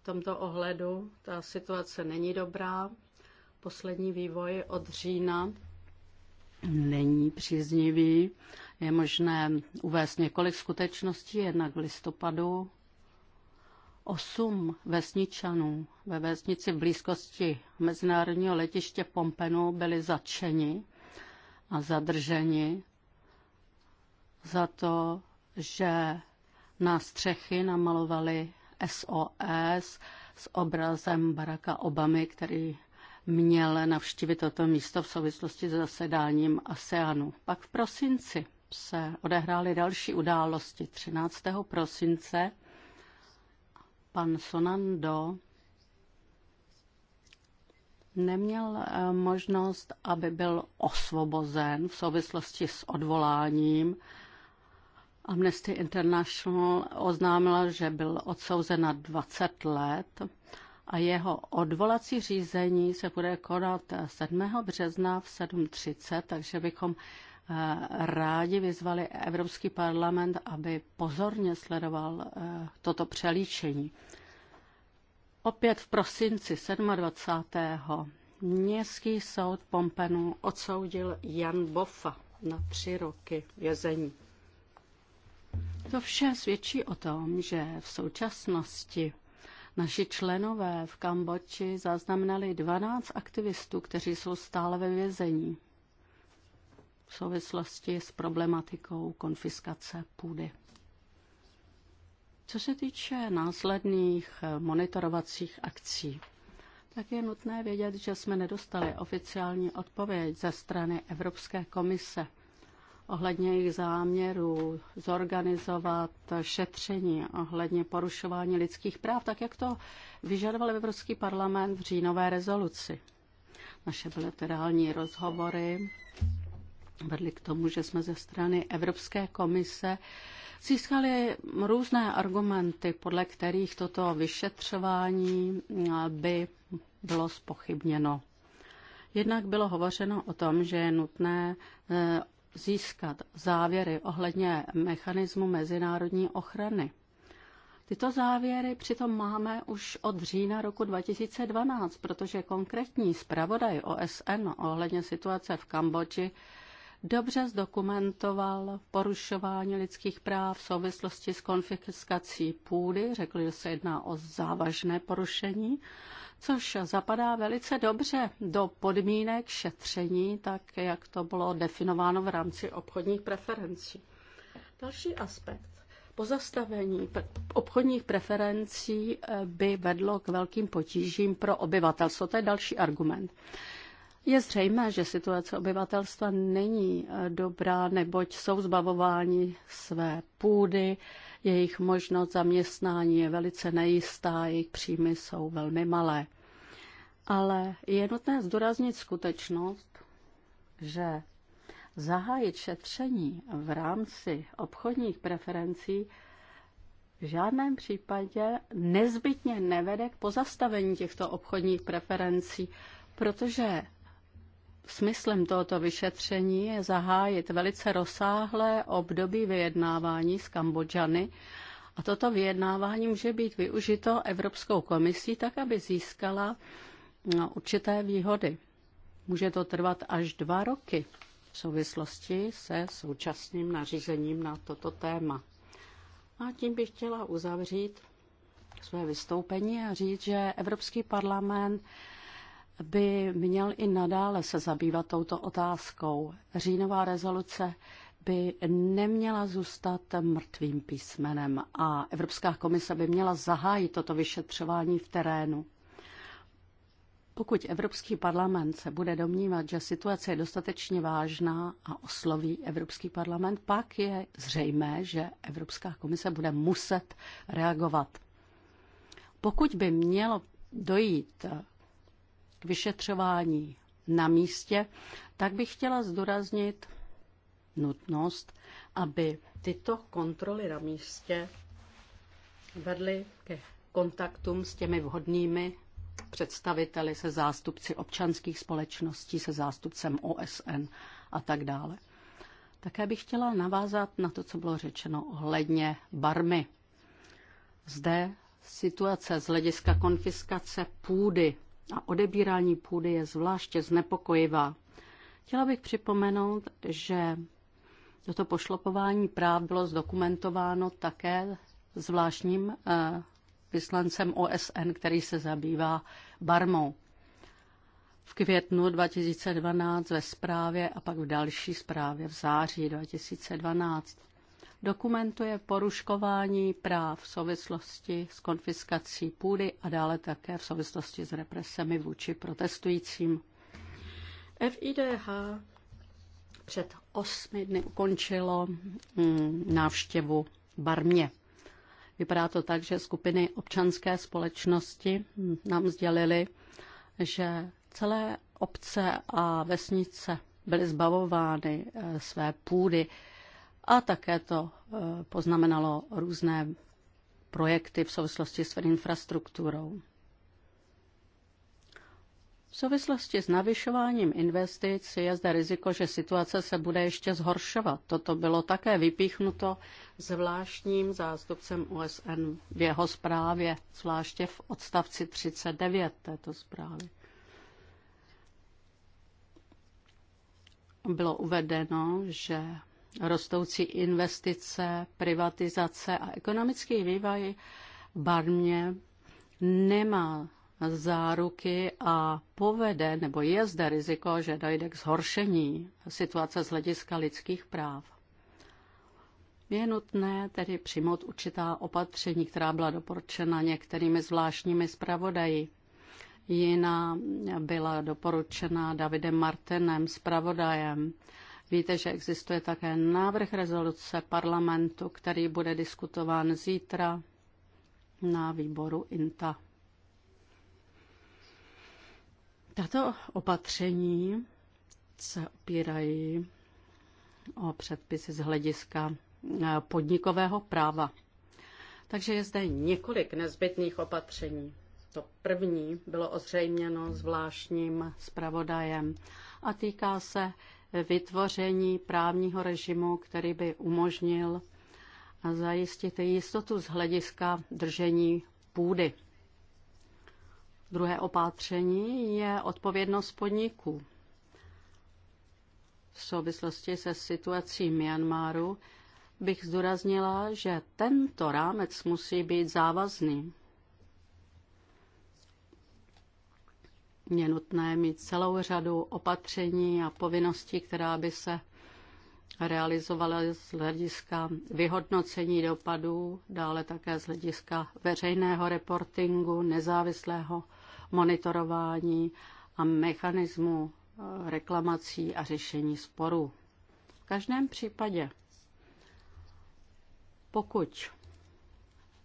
V tomto ohledu ta situace není dobrá. Poslední vývoj od října není příznivý. Je možné uvést několik skutečností, jednak v listopadu Osm vesničanů ve vesnici v blízkosti mezinárodního letiště Pompenu byli zatčeni a zadrženi za to, že na střechy namalovali SOS s obrazem Baracka Obamy, který měl navštívit toto místo v souvislosti s zasedáním ASEANu. Pak v prosinci se odehrály další události. 13. prosince pan Sonando neměl eh, možnost, aby byl osvobozen v souvislosti s odvoláním. Amnesty International oznámila, že byl odsouzen na 20 let a jeho odvolací řízení se bude konat 7. března v 7.30, takže bychom Eh, rádi vyzvali Evropský parlament, aby pozorně sledoval eh, toto přelíčení. Opět v prosinci 27. Městský soud Pompenu odsoudil Jan Bofa na tři roky vězení. To vše svědčí o tom, že v současnosti naši členové v Kambodži zaznamenali 12 aktivistů, kteří jsou stále ve vězení v souvislosti s problematikou konfiskace půdy. Co se týče následných monitorovacích akcí, tak je nutné vědět, že jsme nedostali oficiální odpověď ze strany Evropské komise ohledně jejich záměru zorganizovat šetření ohledně porušování lidských práv, tak jak to vyžadoval Evropský parlament v říjnové rezoluci. Naše bilaterální rozhovory vedly k tomu, že jsme ze strany Evropské komise získali různé argumenty, podle kterých toto vyšetřování eh, by bylo spochybněno. Jednak bylo hovořeno o tom, že je nutné eh, získat závěry ohledně mechanismu mezinárodní ochrany. Tyto závěry přitom máme už od října roku 2012, protože konkrétní zpravodaj OSN ohledně situace v Kambodži dobře zdokumentoval porušování lidských práv v souvislosti s konfiskací půdy. Řekl, že se jedná o závažné porušení, což zapadá velice dobře do podmínek šetření, tak jak to bylo definováno v rámci obchodních preferencí. Další aspekt. Pozastavení obchodních preferencí eh, by vedlo k velkým potížím pro obyvatelstvo. To je další argument. Je zřejmé, že situace obyvatelstva není eh, dobrá, neboť jsou zbavováni své půdy, jejich možnost zaměstnání je velice nejistá, jejich příjmy jsou velmi malé. Ale je nutné zdůraznit skutečnost, že zahájit šetření v rámci obchodních preferencí v žádném případě nezbytně nevede k pozastavení těchto obchodních preferencí, protože Smyslem tohoto vyšetření je zahájit velice rozsáhlé období vyjednávání s Kambodžany a toto vyjednávání může být využito Evropskou komisí tak, aby získala no, určité výhody. Může to trvat až dva roky v souvislosti se současným nařízením na toto téma. A tím bych chtěla uzavřít své vystoupení a říct, že Evropský parlament by měl i nadále se zabývat touto otázkou. Říjnová rezoluce by neměla zůstat mrtvým písmenem a Evropská komise by měla zahájit toto vyšetřování v terénu. Pokud Evropský parlament se bude domnívat, že situace je dostatečně vážná a osloví Evropský parlament, pak je zřejmé, že Evropská komise bude muset reagovat. Pokud by mělo dojít k vyšetřování na místě, tak bych chtěla zdůraznit nutnost, aby tyto kontroly na místě vedly ke kontaktům s těmi vhodnými představiteli, se zástupci občanských společností, se zástupcem OSN a tak dále. Také bych chtěla navázat na to, co bylo řečeno ohledně barmy. Zde situace z hlediska konfiskace půdy a odebírání půdy je zvláště znepokojivá. Chtěla bych připomenout, že toto pošlopování práv bylo zdokumentováno také zvláštním eh, vyslancem OSN, který se zabývá Barmou. V květnu 2012 ve zprávě a pak v další zprávě v září 2012 dokumentuje poruškování práv v souvislosti s konfiskací půdy a dále také v souvislosti s represemi vůči protestujícím. FIDH před osmi dny ukončilo mm, návštěvu Barmě. Vypadá to tak, že skupiny občanské společnosti mm, nám sdělili, že celé obce a vesnice byly zbavovány e, své půdy a také to eh, poznamenalo různé projekty v souvislosti s infrastrukturou. V souvislosti s navyšováním investic je zde riziko, že situace se bude ještě zhoršovat. Toto bylo také vypíchnuto zvláštním zástupcem OSN v jeho zprávě, zvláště v odstavci 39 této zprávy. Bylo uvedeno, že rostoucí investice, privatizace a ekonomický vývoj v Barmě nemá záruky a povede, nebo je zde riziko, že dojde k zhoršení situace z hlediska lidských práv. Je nutné tedy přijmout určitá opatření, která byla doporučena některými zvláštními zpravodaji. Jiná byla doporučena Davidem Martinem, zpravodajem. Víte, že existuje také návrh rezoluce parlamentu, který bude diskutován zítra na výboru INTA. Tato opatření se opírají o předpisy z hlediska eh, podnikového práva. Takže je zde několik nezbytných opatření. To první bylo ozřejměno zvláštním zpravodajem a týká se vytvoření právního režimu, který by umožnil zajistit jistotu z hlediska držení půdy. Druhé opatření je odpovědnost podniků. V souvislosti se situací Myanmaru bych zdůraznila, že tento rámec musí být závazný. je nutné mít celou řadu opatření a povinností, která by se realizovala z hlediska vyhodnocení dopadů, dále také z hlediska veřejného reportingu, nezávislého monitorování a mechanismu eh, reklamací a řešení sporů. V každém případě, pokud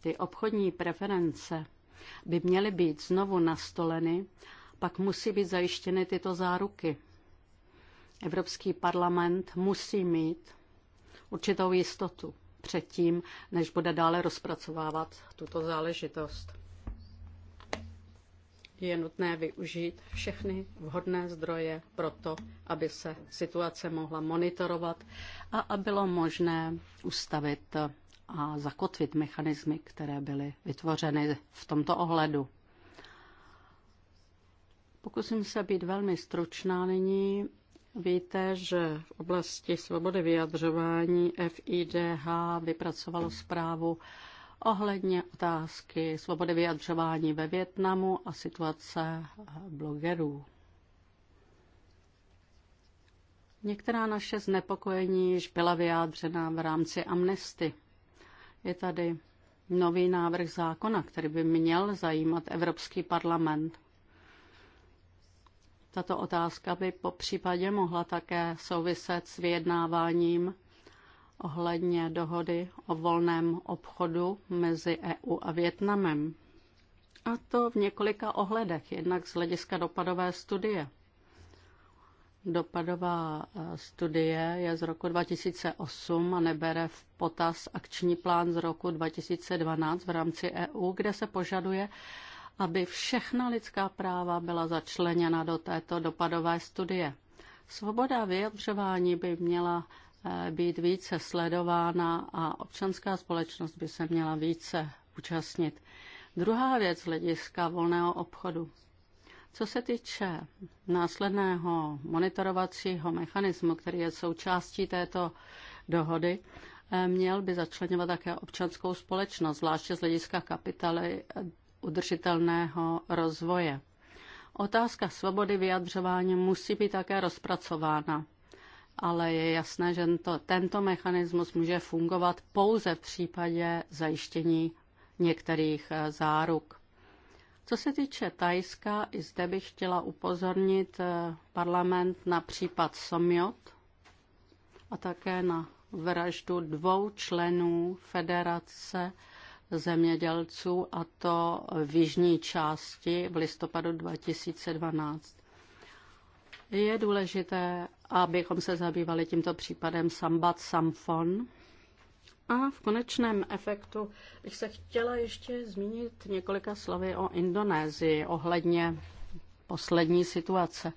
ty obchodní preference by měly být znovu nastoleny pak musí být zajištěny tyto záruky. Evropský parlament musí mít určitou jistotu předtím, než bude dále rozpracovávat tuto záležitost. Je nutné využít všechny vhodné zdroje pro to, aby se situace mohla monitorovat a aby bylo možné ustavit a zakotvit mechanismy, které byly vytvořeny v tomto ohledu. Pokusím se být velmi stručná nyní. Víte, že v oblasti svobody vyjadřování FIDH vypracovalo zprávu ohledně otázky svobody vyjadřování ve Větnamu a situace blogerů. Některá naše znepokojení již byla vyjádřena v rámci amnesty. Je tady nový návrh zákona, který by měl zajímat Evropský parlament. Tato otázka by po případě mohla také souviset s vyjednáváním ohledně dohody o volném obchodu mezi EU a Větnamem. A to v několika ohledech, jednak z hlediska dopadové studie. Dopadová e, studie je z roku 2008 a nebere v potaz akční plán z roku 2012 v rámci EU, kde se požaduje, aby všechna lidská práva byla začleněna do této dopadové studie. Svoboda vyjadřování by měla eh, být více sledována a občanská společnost by se měla více účastnit. Druhá věc z hlediska volného obchodu. Co se týče následného monitorovacího mechanismu, který je součástí této dohody, eh, měl by začlenovat také občanskou společnost, zvláště z hlediska kapitaly udržitelného rozvoje. Otázka svobody vyjadřování musí být také rozpracována, ale je jasné, že tento, tento mechanismus může fungovat pouze v případě zajištění některých eh, záruk. Co se týče Tajska, i zde bych chtěla upozornit eh, parlament na případ Somjot a také na vraždu dvou členů Federace zemědělců a to v jižní části v listopadu 2012. Je důležité, abychom se zabývali tímto případem Sambat Samfon. A v konečném efektu bych se chtěla ještě zmínit několika slovy o Indonésii ohledně poslední situace.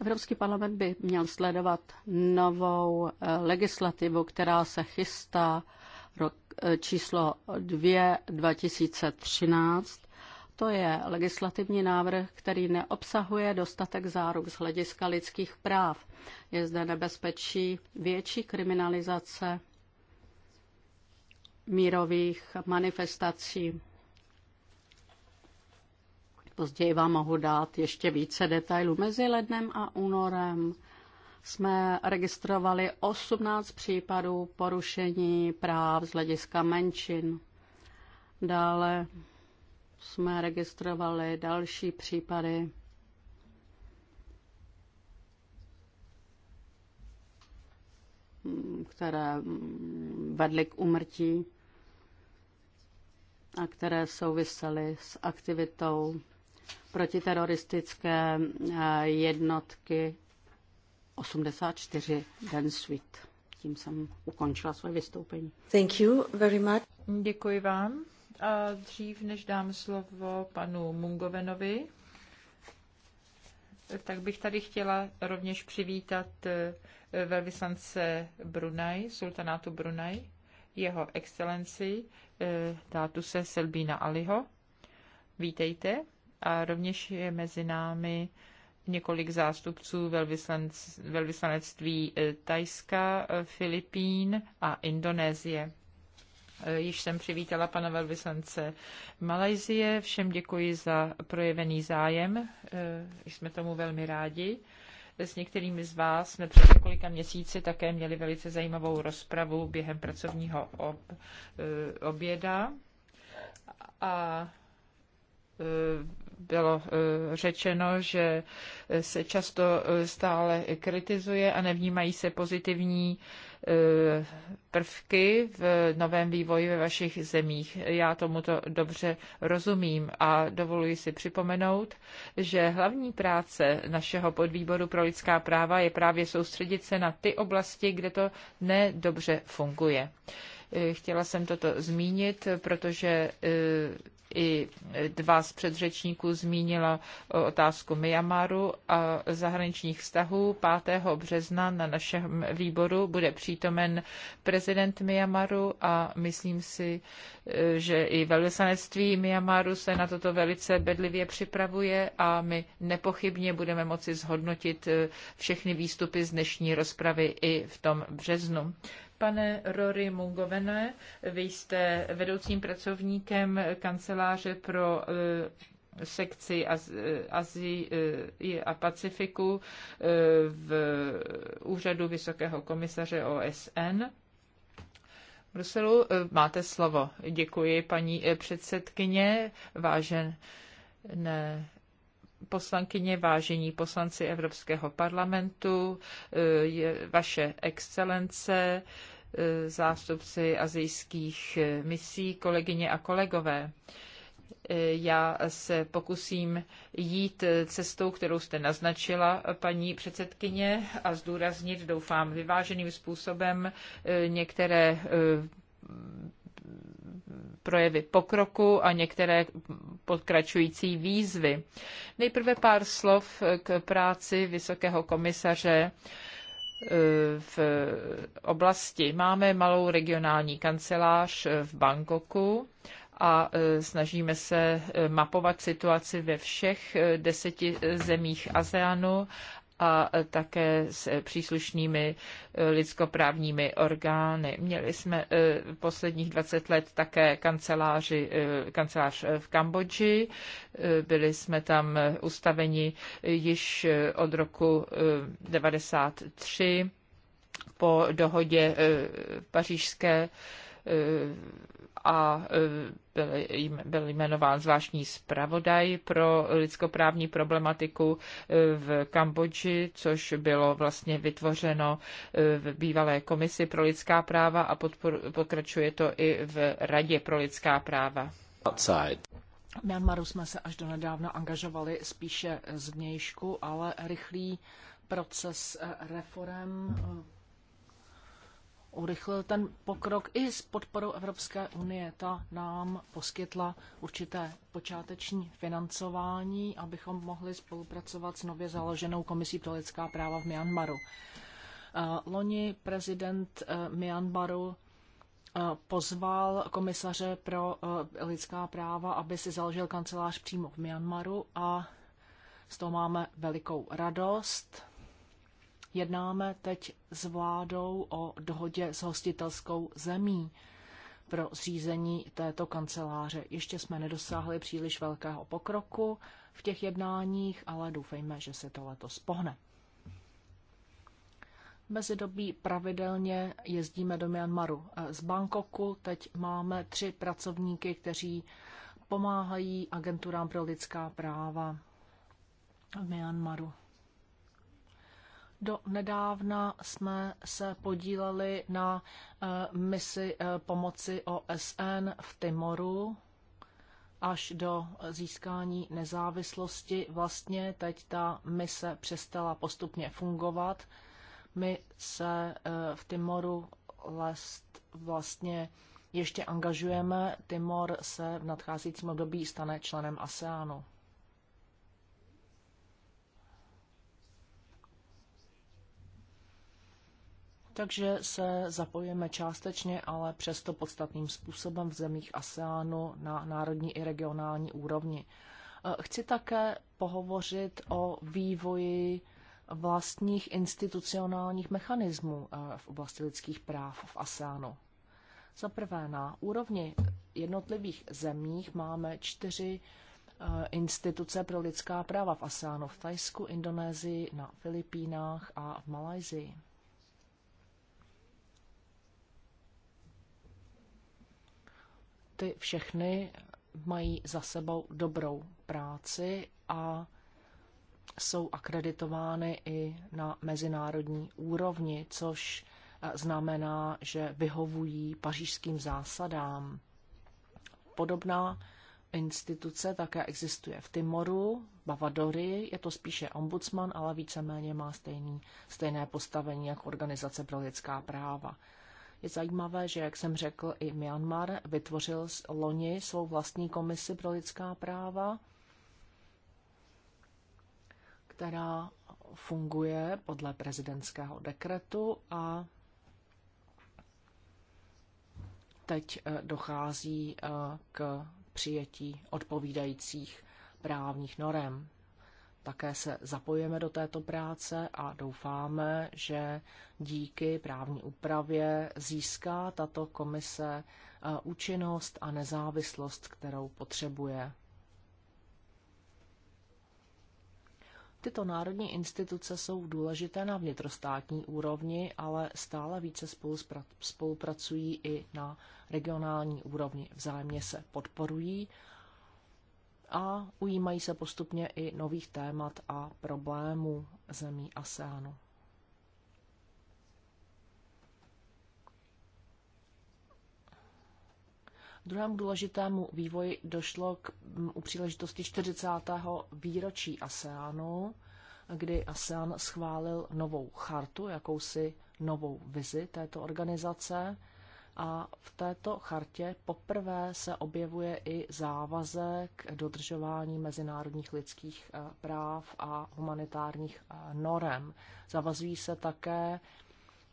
Evropský parlament by měl sledovat novou eh, legislativu, která se chystá rok Eh, číslo 2 2013. To je legislativní návrh, který neobsahuje dostatek záruk z hlediska lidských práv. Je zde nebezpečí větší kriminalizace mírových manifestací. Později vám mohu dát ještě více detailů. Mezi lednem a únorem jsme registrovali 18 případů porušení práv z hlediska menšin. Dále jsme registrovali další případy které vedly k umrtí a které souvisely s aktivitou protiteroristické jednotky 84 den Sweet. Tím jsem ukončila své vystoupení. Thank you very much. Děkuji vám. A dřív, než dám slovo panu Mungovenovi, tak bych tady chtěla rovněž přivítat eh, velvyslance Brunaj, sultanátu Brunaj, jeho excelenci eh, tátuse Selbína Aliho. Vítejte a rovněž je mezi námi několik zástupců velvyslanectví eh, Tajska, eh, Filipín a Indonésie. Eh, již jsem přivítala pana velvyslance Malajzie. Všem děkuji za projevený zájem. Jsme tomu velmi rádi. S některými z vás jsme před několika měsíci také měli velice zajímavou rozpravu během pracovního ob, oběda. A bylo eh, řečeno, že eh, se často eh, stále kritizuje a nevnímají se pozitivní prvky v novém vývoji ve vašich zemích. Já tomuto dobře rozumím a dovoluji si připomenout, že hlavní práce našeho podvýboru pro lidská práva je právě soustředit se na ty oblasti, kde to nedobře funguje. Chtěla jsem toto zmínit, protože i dva z předřečníků zmínila otázku Myanmaru a zahraničních vztahů. 5. března na našem výboru bude přítomen prezident Myanmaru a myslím si, že i velvyslanectví Myanmaru se na toto velice bedlivě připravuje a my nepochybně budeme moci zhodnotit všechny výstupy z dnešní rozpravy i v tom březnu. Pane Rory Mungovene, vy jste vedoucím pracovníkem kanceláře pro eh, sekci Azii eh, eh, a Pacifiku v úřadu Vysokého komisaře OSN. Bruselu, máte slovo. Děkuji, paní předsedkyně, vážené poslankyně, vážení poslanci Evropského parlamentu, vaše excelence, zástupci azijských misí, kolegyně a kolegové. Já se pokusím jít cestou, kterou jste naznačila, paní předsedkyně, a zdůraznit, doufám, vyváženým způsobem některé eh, projevy pokroku a některé podkračující výzvy. Nejprve pár slov k práci Vysokého komisaře v oblasti. Máme malou regionální kancelář v Bangkoku a e, snažíme se e, mapovat situaci ve všech e, deseti zemích ASEANu a také s příslušnými eh, lidskoprávními orgány. Měli jsme eh, posledních 20 let také kanceláři, eh, kancelář v Kambodži. Byli jsme tam ustaveni již od roku 93 po dohodě pařížské Eh, a eh, byl jmenován zvláštní zpravodaj pro lidskoprávní problematiku eh, v Kambodži, což bylo vlastně vytvořeno v bývalé komisi pro lidská práva a podpor, pokračuje to i v Radě pro lidská práva. Outside. Myanmaru jsme se až do nedávna angažovali spíše z vnějšku, ale rychlý proces reform urychlil ten pokrok i s podporou Evropské unie. Ta nám poskytla určité počáteční financování, abychom mohli spolupracovat s nově založenou Komisí pro lidská práva v Myanmaru. Eh, loni prezident eh, Myanmaru eh, pozval komisaře pro lidská práva, aby si založil kancelář přímo v Myanmaru a z toho máme velikou radost Jednáme teď s vládou o dohodě s hostitelskou zemí pro zřízení této kanceláře. Ještě jsme nedosáhli příliš velkého pokroku v těch jednáních, ale doufejme, že se to letos pohne. Mezidobí pravidelně jezdíme do Myanmaru eh, z Bangkoku. Teď máme tři pracovníky, kteří pomáhají agenturám pro lidská práva v Myanmaru. Do nedávna jsme se podíleli na eh, misi eh, pomoci OSN v Timoru až do získání nezávislosti. Vlastně teď ta mise přestala postupně fungovat. My se eh, v Timoru vlastně ještě angažujeme. Timor se v nadcházejícím období stane členem ASEANu. takže se zapojíme částečně, ale přesto podstatným způsobem v zemích ASEANu na národní i regionální úrovni. Eh, chci také pohovořit o vývoji vlastních institucionálních mechanismů eh, v oblasti lidských práv v ASEANu. Za prvé, na úrovni jednotlivých zemích máme čtyři eh, instituce pro lidská práva v ASEANu, v Tajsku, Indonésii, na Filipínách a v Malajzii. ty všechny mají za sebou dobrou práci a jsou akreditovány i na mezinárodní úrovni, což eh, znamená, že vyhovují pařížským zásadám. Podobná instituce také existuje v Timoru, Bavadory, je to spíše ombudsman, ale víceméně má stejný, stejné postavení jako Organizace pro lidská práva. Je zajímavé, že, jak jsem řekl, i Myanmar vytvořil z loni svou vlastní komisi pro lidská práva, která funguje podle prezidentského dekretu a teď eh, dochází eh, k přijetí odpovídajících právních norem. Také se zapojíme do této práce a doufáme, že díky právní úpravě získá tato komise eh, účinnost a nezávislost, kterou potřebuje. Tyto národní instituce jsou důležité na vnitrostátní úrovni, ale stále více spolupracují i na regionální úrovni. Vzájemně se podporují a ujímají se postupně i nových témat a problémů zemí ASEANu. druhému důležitému vývoji došlo k, u příležitosti 40. výročí ASEANu, kdy ASEAN schválil novou chartu, jakousi novou vizi této organizace, a v této chartě poprvé se objevuje i závazek dodržování mezinárodních lidských eh, práv a humanitárních eh, norem. Zavazují se také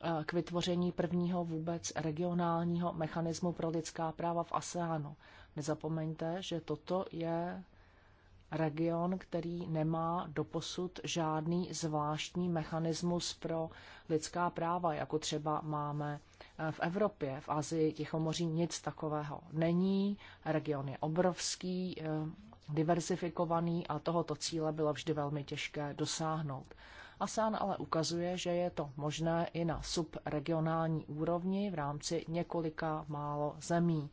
eh, k vytvoření prvního vůbec regionálního mechanismu pro lidská práva v ASEANu. Nezapomeňte, že toto je region, který nemá doposud žádný zvláštní mechanismus pro lidská práva, jako třeba máme v Evropě, v Asii, Tichomoří nic takového není. Region je obrovský, eh, diverzifikovaný a tohoto cíle bylo vždy velmi těžké dosáhnout. ASEAN ale ukazuje, že je to možné i na subregionální úrovni v rámci několika málo zemí.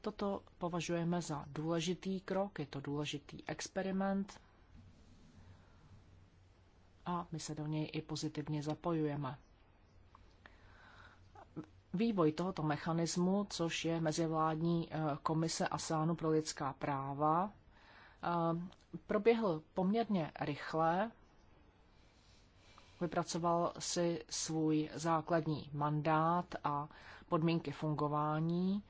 Toto považujeme za důležitý krok, je to důležitý experiment, a my se do něj i pozitivně zapojujeme. Vývoj tohoto mechanismu, což je mezivládní eh, komise Asánu pro lidská práva, eh, proběhl poměrně rychle. Vypracoval si svůj základní mandát a podmínky fungování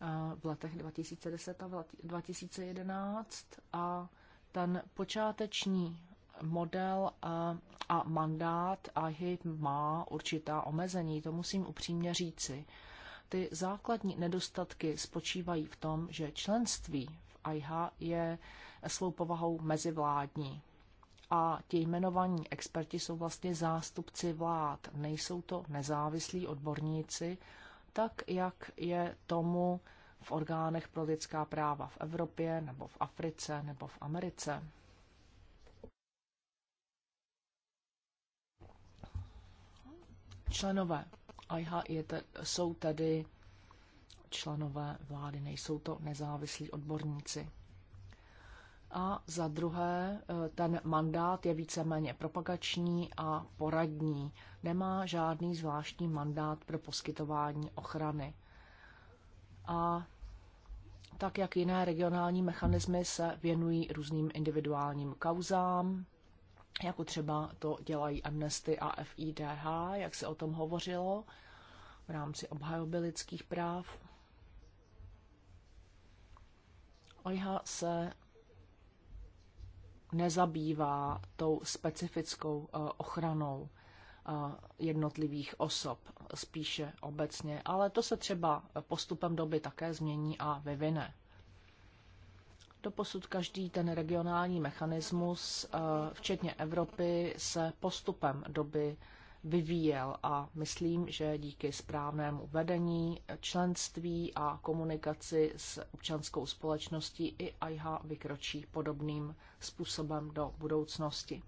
eh, v letech 2010 a 2011 a ten počáteční model a, a mandát IHIP má určitá omezení, to musím upřímně říci. Ty základní nedostatky spočívají v tom, že členství v IHA je svou povahou mezivládní. A ti jmenovaní experti jsou vlastně zástupci vlád, nejsou to nezávislí odborníci, tak jak je tomu v orgánech pro lidská práva v Evropě nebo v Africe nebo v Americe. členové IH je te, jsou tedy členové vlády, nejsou to nezávislí odborníci. A za druhé, e, ten mandát je víceméně propagační a poradní. Nemá žádný zvláštní mandát pro poskytování ochrany. A tak jak jiné regionální mechanismy se věnují různým individuálním kauzám, jako třeba to dělají Amnesty a FIDH, jak se o tom hovořilo v rámci obhajoby lidských práv. OJHA se nezabývá tou specifickou eh, ochranou eh, jednotlivých osob, spíše obecně, ale to se třeba postupem doby také změní a vyvine. Doposud každý ten regionální mechanismus, eh, včetně Evropy, se postupem doby vyvíjel a myslím, že díky správnému vedení, členství a komunikaci s občanskou společností i AIHA vykročí podobným způsobem do budoucnosti.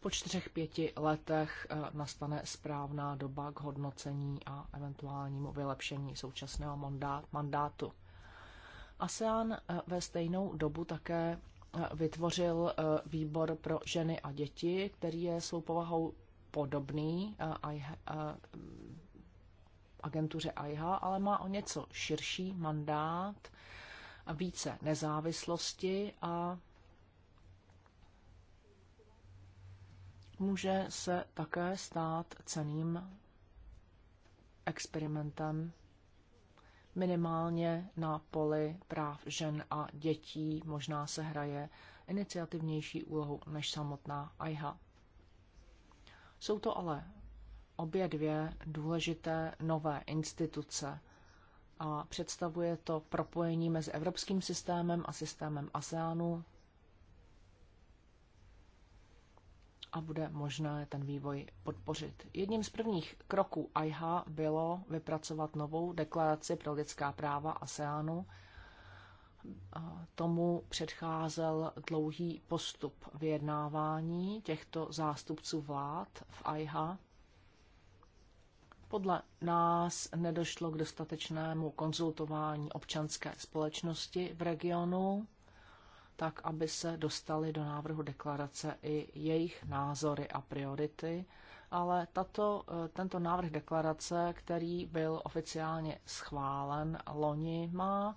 po čtyřech, pěti letech eh, nastane správná doba k hodnocení a eventuálnímu vylepšení současného mandátu. ASEAN eh, ve stejnou dobu také eh, vytvořil výbor pro ženy a děti, který je svou povahou podobný agentuře AIHA, ale má o něco širší mandát, více nezávislosti a může se také stát ceným experimentem minimálně na poli práv žen a dětí možná se hraje iniciativnější úlohu než samotná AIHA. Jsou to ale obě dvě důležité nové instituce a představuje to propojení mezi evropským systémem a systémem ASEANu, a bude možné ten vývoj podpořit. Jedním z prvních kroků AIHA bylo vypracovat novou deklaraci pro lidská práva ASEANu. Tomu předcházel dlouhý postup vyjednávání těchto zástupců vlád v AIHA. Podle nás nedošlo k dostatečnému konzultování občanské společnosti v regionu tak aby se dostali do návrhu deklarace i jejich názory a priority, ale tato, eh, tento návrh deklarace, který byl oficiálně schválen loni, má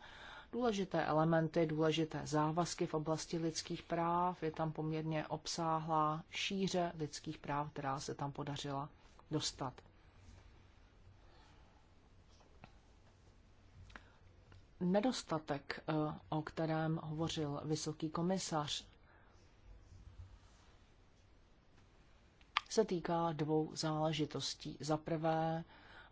důležité elementy, důležité závazky v oblasti lidských práv. Je tam poměrně obsáhlá šíře lidských práv, která se tam podařila dostat. nedostatek, eh, o kterém hovořil vysoký komisař, se týká dvou záležitostí. Za prvé,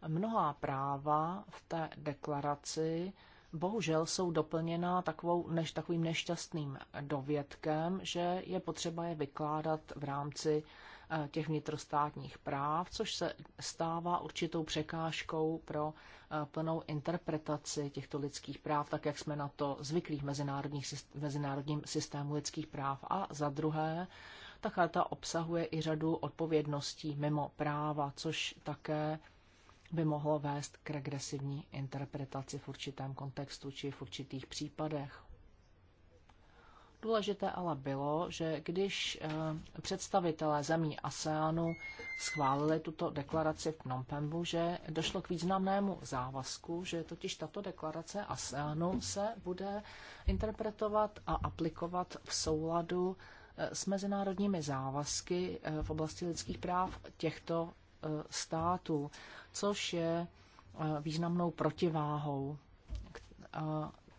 mnohá práva v té deklaraci bohužel jsou doplněna takovou, než takovým nešťastným dovědkem, že je potřeba je vykládat v rámci Eh, těch vnitrostátních práv, což se stává určitou překážkou pro eh, plnou interpretaci těchto lidských práv, tak jak jsme na to zvyklí v mezinárodním systému lidských práv. A za druhé, ta charta obsahuje i řadu odpovědností mimo práva, což také by mohlo vést k regresivní interpretaci v určitém kontextu či v určitých případech. Důležité ale bylo, že když eh, představitelé zemí ASEANu schválili tuto deklaraci v Phnom Penhu, že došlo k významnému závazku, že totiž tato deklarace ASEANu se bude interpretovat a aplikovat v souladu eh, s mezinárodními závazky eh, v oblasti lidských práv těchto států, což je významnou protiváhou.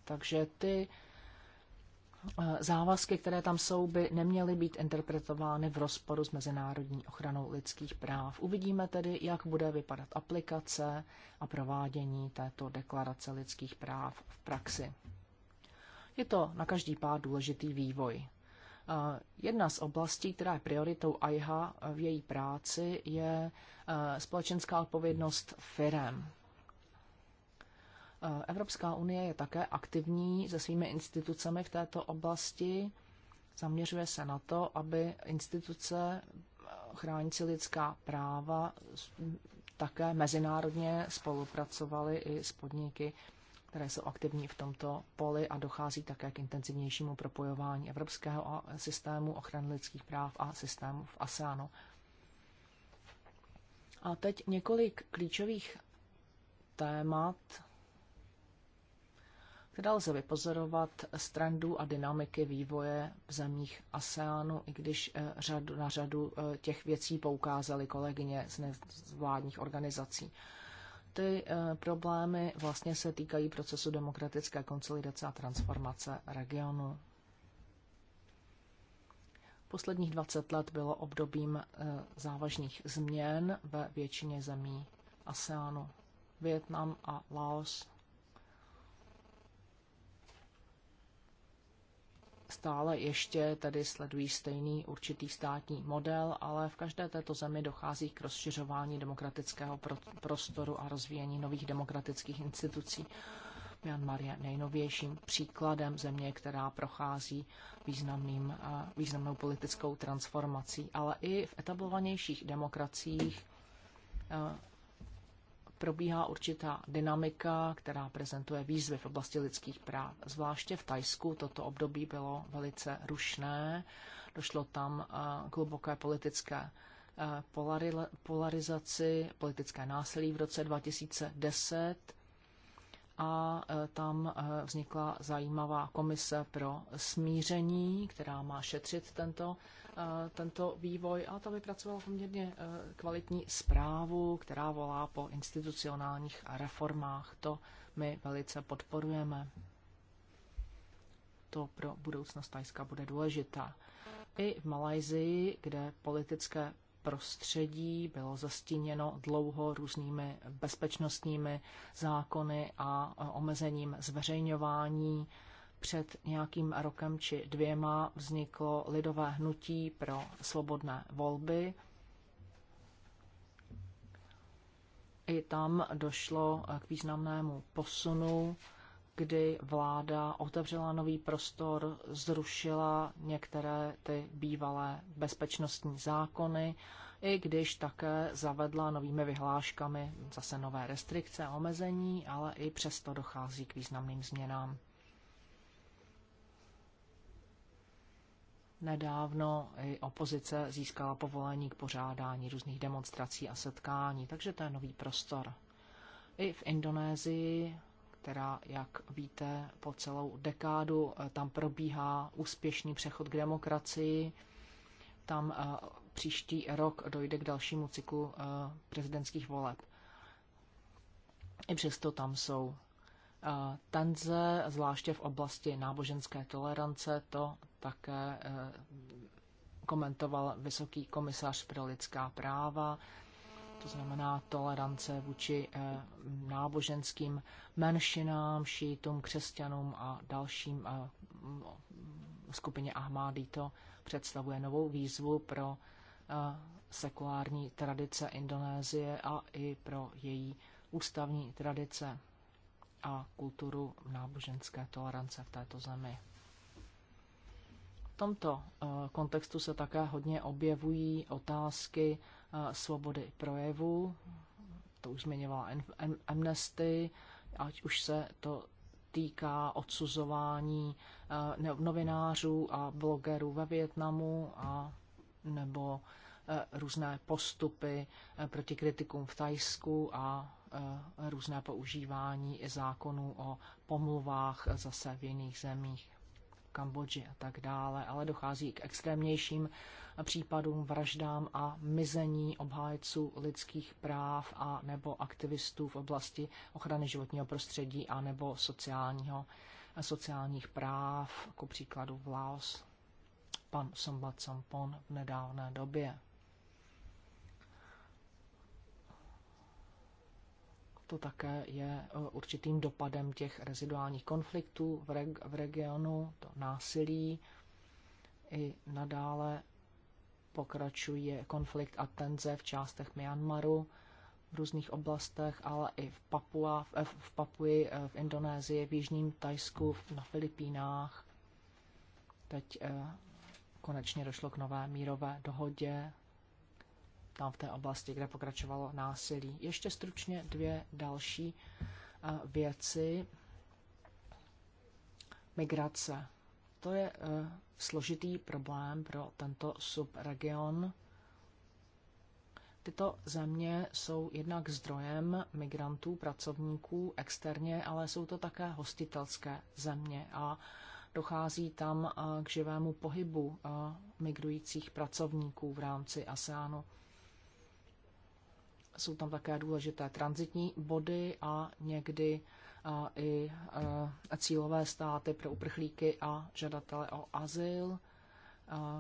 Takže ty Eh, závazky, které tam jsou, by neměly být interpretovány v rozporu s mezinárodní ochranou lidských práv. Uvidíme tedy, jak bude vypadat aplikace a provádění této deklarace lidských práv v praxi. Je to na každý pád důležitý vývoj. Eh, jedna z oblastí, která je prioritou AIHA v její práci, je eh, společenská odpovědnost firem. Eh, Evropská unie je také aktivní se svými institucemi v této oblasti. Zaměřuje se na to, aby instituce eh, chránící lidská práva také mezinárodně spolupracovaly i s podniky, které jsou aktivní v tomto poli a dochází také k intenzivnějšímu propojování evropského eh, systému ochrany lidských práv a systému v ASEANu. A teď několik klíčových témat kde lze vypozorovat trendů a dynamiky vývoje v zemích ASEANu, i když eh, řadu, na řadu eh, těch věcí poukázali kolegyně z vládních organizací. Ty eh, problémy vlastně se týkají procesu demokratické konsolidace a transformace regionu. Posledních 20 let bylo obdobím závažných změn ve většině zemí ASEANu. Vietnam a Laos stále ještě tedy sledují stejný určitý státní model, ale v každé této zemi dochází k rozšiřování demokratického prostoru a rozvíjení nových demokratických institucí. Myanmar je nejnovějším příkladem země, která prochází významným, eh, významnou politickou transformací, ale i v etablovanějších demokraciích eh, probíhá určitá dynamika, která prezentuje výzvy v oblasti lidských práv. Zvláště v Tajsku toto období bylo velice rušné. Došlo tam eh, k hluboké politické eh, polarizaci, politické násilí v roce 2010 a e, tam e, vznikla zajímavá komise pro smíření, která má šetřit tento, e, tento vývoj a ta vypracovala poměrně kvalitní zprávu, která volá po institucionálních reformách. To my velice podporujeme. To pro budoucnost Tajska bude důležité. I v Malajzii, kde politické prostředí bylo zastíněno dlouho různými bezpečnostními zákony a omezením zveřejňování. Před nějakým rokem či dvěma vzniklo lidové hnutí pro svobodné volby. I tam došlo k významnému posunu kdy vláda otevřela nový prostor, zrušila některé ty bývalé bezpečnostní zákony, i když také zavedla novými vyhláškami zase nové restrikce a omezení, ale i přesto dochází k významným změnám. Nedávno i opozice získala povolení k pořádání různých demonstrací a setkání, takže to je nový prostor. I v Indonésii která, jak víte, po celou dekádu eh, tam probíhá úspěšný přechod k demokracii. Tam eh, příští rok dojde k dalšímu cyklu eh, prezidentských voleb. I přesto tam jsou tenze, zvláště v oblasti náboženské tolerance, to také komentoval vysoký komisař pro lidská práva to znamená tolerance vůči eh, náboženským menšinám, šítům, křesťanům a dalším eh, mm, skupině Ahmádí. To představuje novou výzvu pro eh, sekulární tradice Indonésie a i pro její ústavní tradice a kulturu náboženské tolerance v této zemi. V tomto kontextu se také hodně objevují otázky svobody projevu, to už zmiňovala Amnesty, ať už se to týká odsuzování no- novinářů a blogerů ve Větnamu a nebo různé postupy proti kritikům v Tajsku a různé používání zákonů o pomluvách zase v jiných zemích. Kambodži a tak dále, ale dochází k extrémnějším případům, vraždám a mizení obhájců lidských práv a nebo aktivistů v oblasti ochrany životního prostředí a nebo sociálního, sociálních práv, jako příkladu v Laos. Pan Sombat Sampon v nedávné době. to také je e, určitým dopadem těch reziduálních konfliktů v, reg- v regionu, to násilí. I nadále pokračuje konflikt a tenze v částech Myanmaru, v různých oblastech, ale i v, Papua, v, e, v Papuji, e, v Indonésii, v Jižním Tajsku, na Filipínách. Teď konečně došlo k nové mírové dohodě tam v té oblasti, kde pokračovalo násilí. Ještě stručně dvě další eh, věci. Migrace. To je eh, složitý problém pro tento subregion. Tyto země jsou jednak zdrojem migrantů, pracovníků externě, ale jsou to také hostitelské země a dochází tam eh, k živému pohybu migrujících pracovníků v rámci ASEANu. Jsou tam také důležité transitní body a někdy a i a cílové státy pro uprchlíky a žadatele o azyl.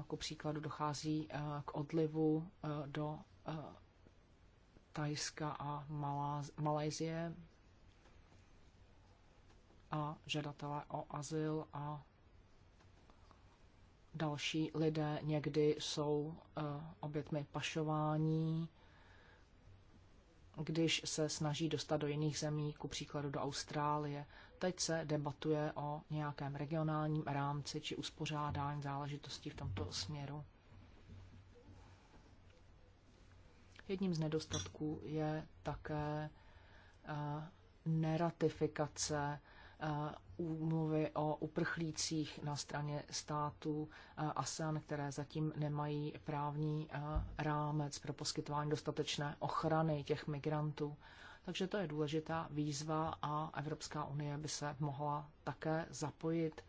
Ku příkladu dochází k odlivu do Tajska a Malajzie a žadatele o azyl a další lidé někdy jsou obětmi pašování když se snaží dostat do jiných zemí, ku příkladu do Austrálie. Teď se debatuje o nějakém regionálním rámci či uspořádání záležitostí v tomto směru. Jedním z nedostatků je také eh, neratifikace Eh, úmluvy o uprchlících na straně států eh, ASEAN, které zatím nemají právní eh, rámec pro poskytování dostatečné ochrany těch migrantů. Takže to je důležitá výzva a Evropská unie by se mohla také zapojit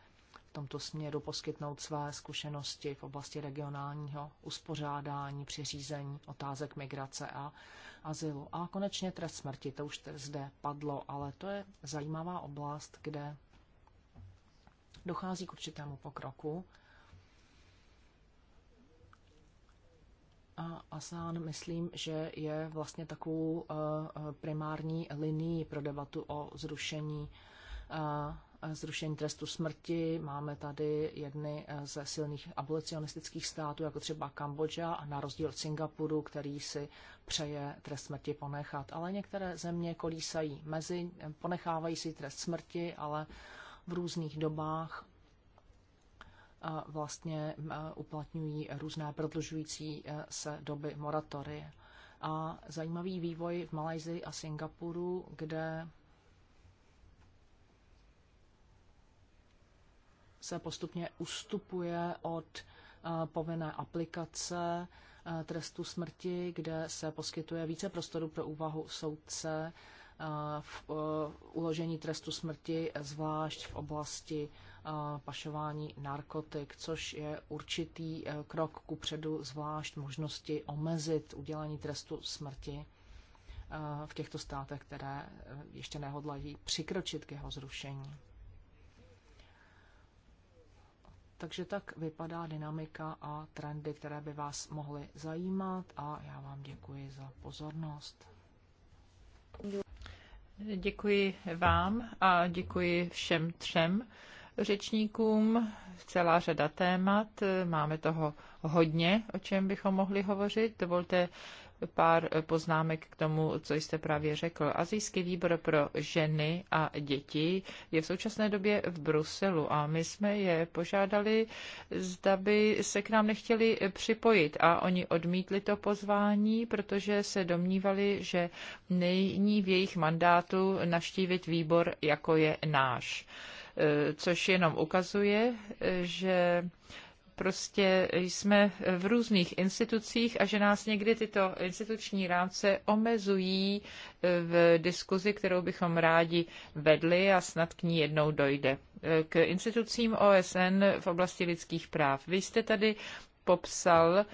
tomto směru poskytnout své zkušenosti v oblasti regionálního uspořádání, přiřízení otázek migrace a azylu. A konečně trest smrti, to už zde padlo, ale to je zajímavá oblast, kde dochází k určitému pokroku. A Asán, myslím, že je vlastně takovou eh, eh, primární linií pro debatu o zrušení eh, zrušení trestu smrti. Máme tady jedny eh, ze silných abolicionistických států, jako třeba Kambodža, a na rozdíl od Singapuru, který si přeje trest smrti ponechat. Ale některé země kolísají mezi, eh, ponechávají si trest smrti, ale v různých dobách eh, vlastně uplatňují různé prodlužující se doby moratorie. A zajímavý vývoj v Malajzii a Singapuru, kde se postupně ustupuje od eh, povinné aplikace eh, trestu smrti, kde se poskytuje více prostoru pro úvahu soudce eh, v uložení trestu smrti, zvlášť v oblasti pašování narkotik, což je určitý krok ku předu, zvlášť možnosti omezit udělení trestu smrti v těchto státech, které ještě nehodlají přikročit k jeho zrušení. Takže tak vypadá dynamika a trendy, které by vás mohly zajímat a já vám děkuji za pozornost. Děkuji vám a děkuji všem třem řečníkům. Celá řada témat, máme toho hodně, o čem bychom mohli hovořit. Dovolte pár eh, poznámek k tomu, co jste právě řekl. Azijský výbor pro ženy a děti je v současné době v Bruselu a my jsme je požádali, zda by se k nám nechtěli eh, připojit a oni odmítli to pozvání, protože se domnívali, že není v jejich mandátu naštívit výbor, jako je náš eh, což jenom ukazuje, že prostě jsme v různých institucích a že nás někdy tyto instituční rámce omezují eh, v diskuzi, kterou bychom rádi vedli a snad k ní jednou dojde. Eh, k institucím OSN v oblasti lidských práv. Vy jste tady popsal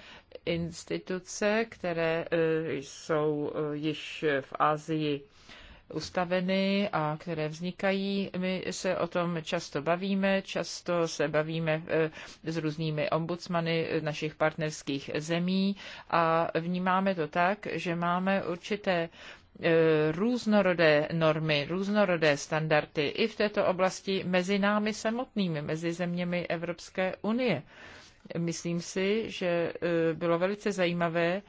instituce, které eh, jsou již v Asii ustaveny a které vznikají. My se o tom často bavíme, často se bavíme eh, s různými ombudsmany našich partnerských zemí a vnímáme to tak, že máme určité eh, různorodé normy, různorodé standardy i v této oblasti mezi námi samotnými, mezi zeměmi Evropské unie. Myslím si, že eh, bylo velice zajímavé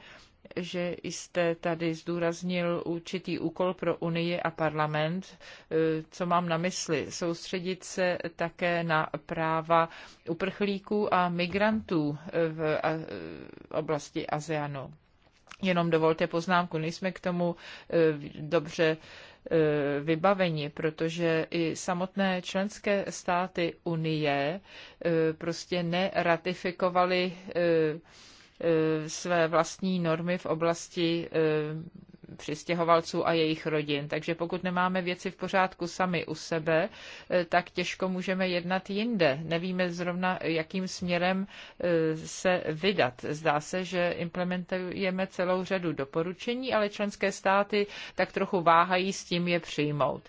že jste tady zdůraznil určitý úkol pro Unii a parlament. E, co mám na mysli? Soustředit se také na práva uprchlíků a migrantů v oblasti ASEANu. Jenom dovolte poznámku, nejsme k tomu e, dobře e, vybaveni, protože i samotné členské státy Unie prostě neratifikovaly Eh, své vlastní normy v oblasti eh, přistěhovalců a jejich rodin. Takže pokud nemáme věci v pořádku sami u sebe, eh, tak těžko můžeme jednat jinde. Nevíme zrovna, jakým směrem se vydat. Zdá se, že implementujeme celou řadu doporučení, ale členské státy tak trochu váhají s tím je přijmout.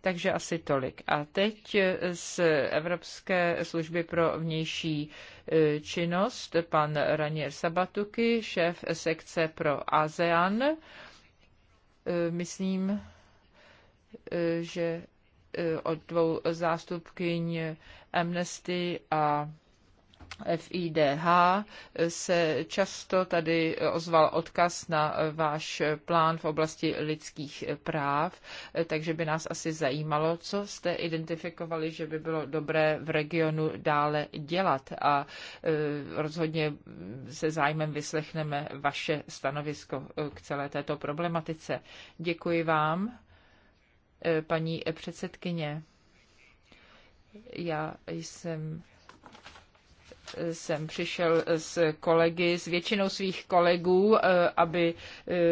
Takže asi tolik. A teď z Evropské služby pro vnější e, činnost pan Ranier Sabatuky, šéf sekce pro ASEAN. E, myslím, e, že od dvou zástupkyň Amnesty a FIDH se často tady ozval odkaz na váš plán v oblasti lidských práv, takže by nás asi zajímalo, co jste identifikovali, že by bylo dobré v regionu dále dělat a e, rozhodně se zájmem vyslechneme vaše stanovisko k celé této problematice. Děkuji vám, e, paní předsedkyně. Já jsem jsem přišel s kolegy, s většinou svých kolegů, eh, aby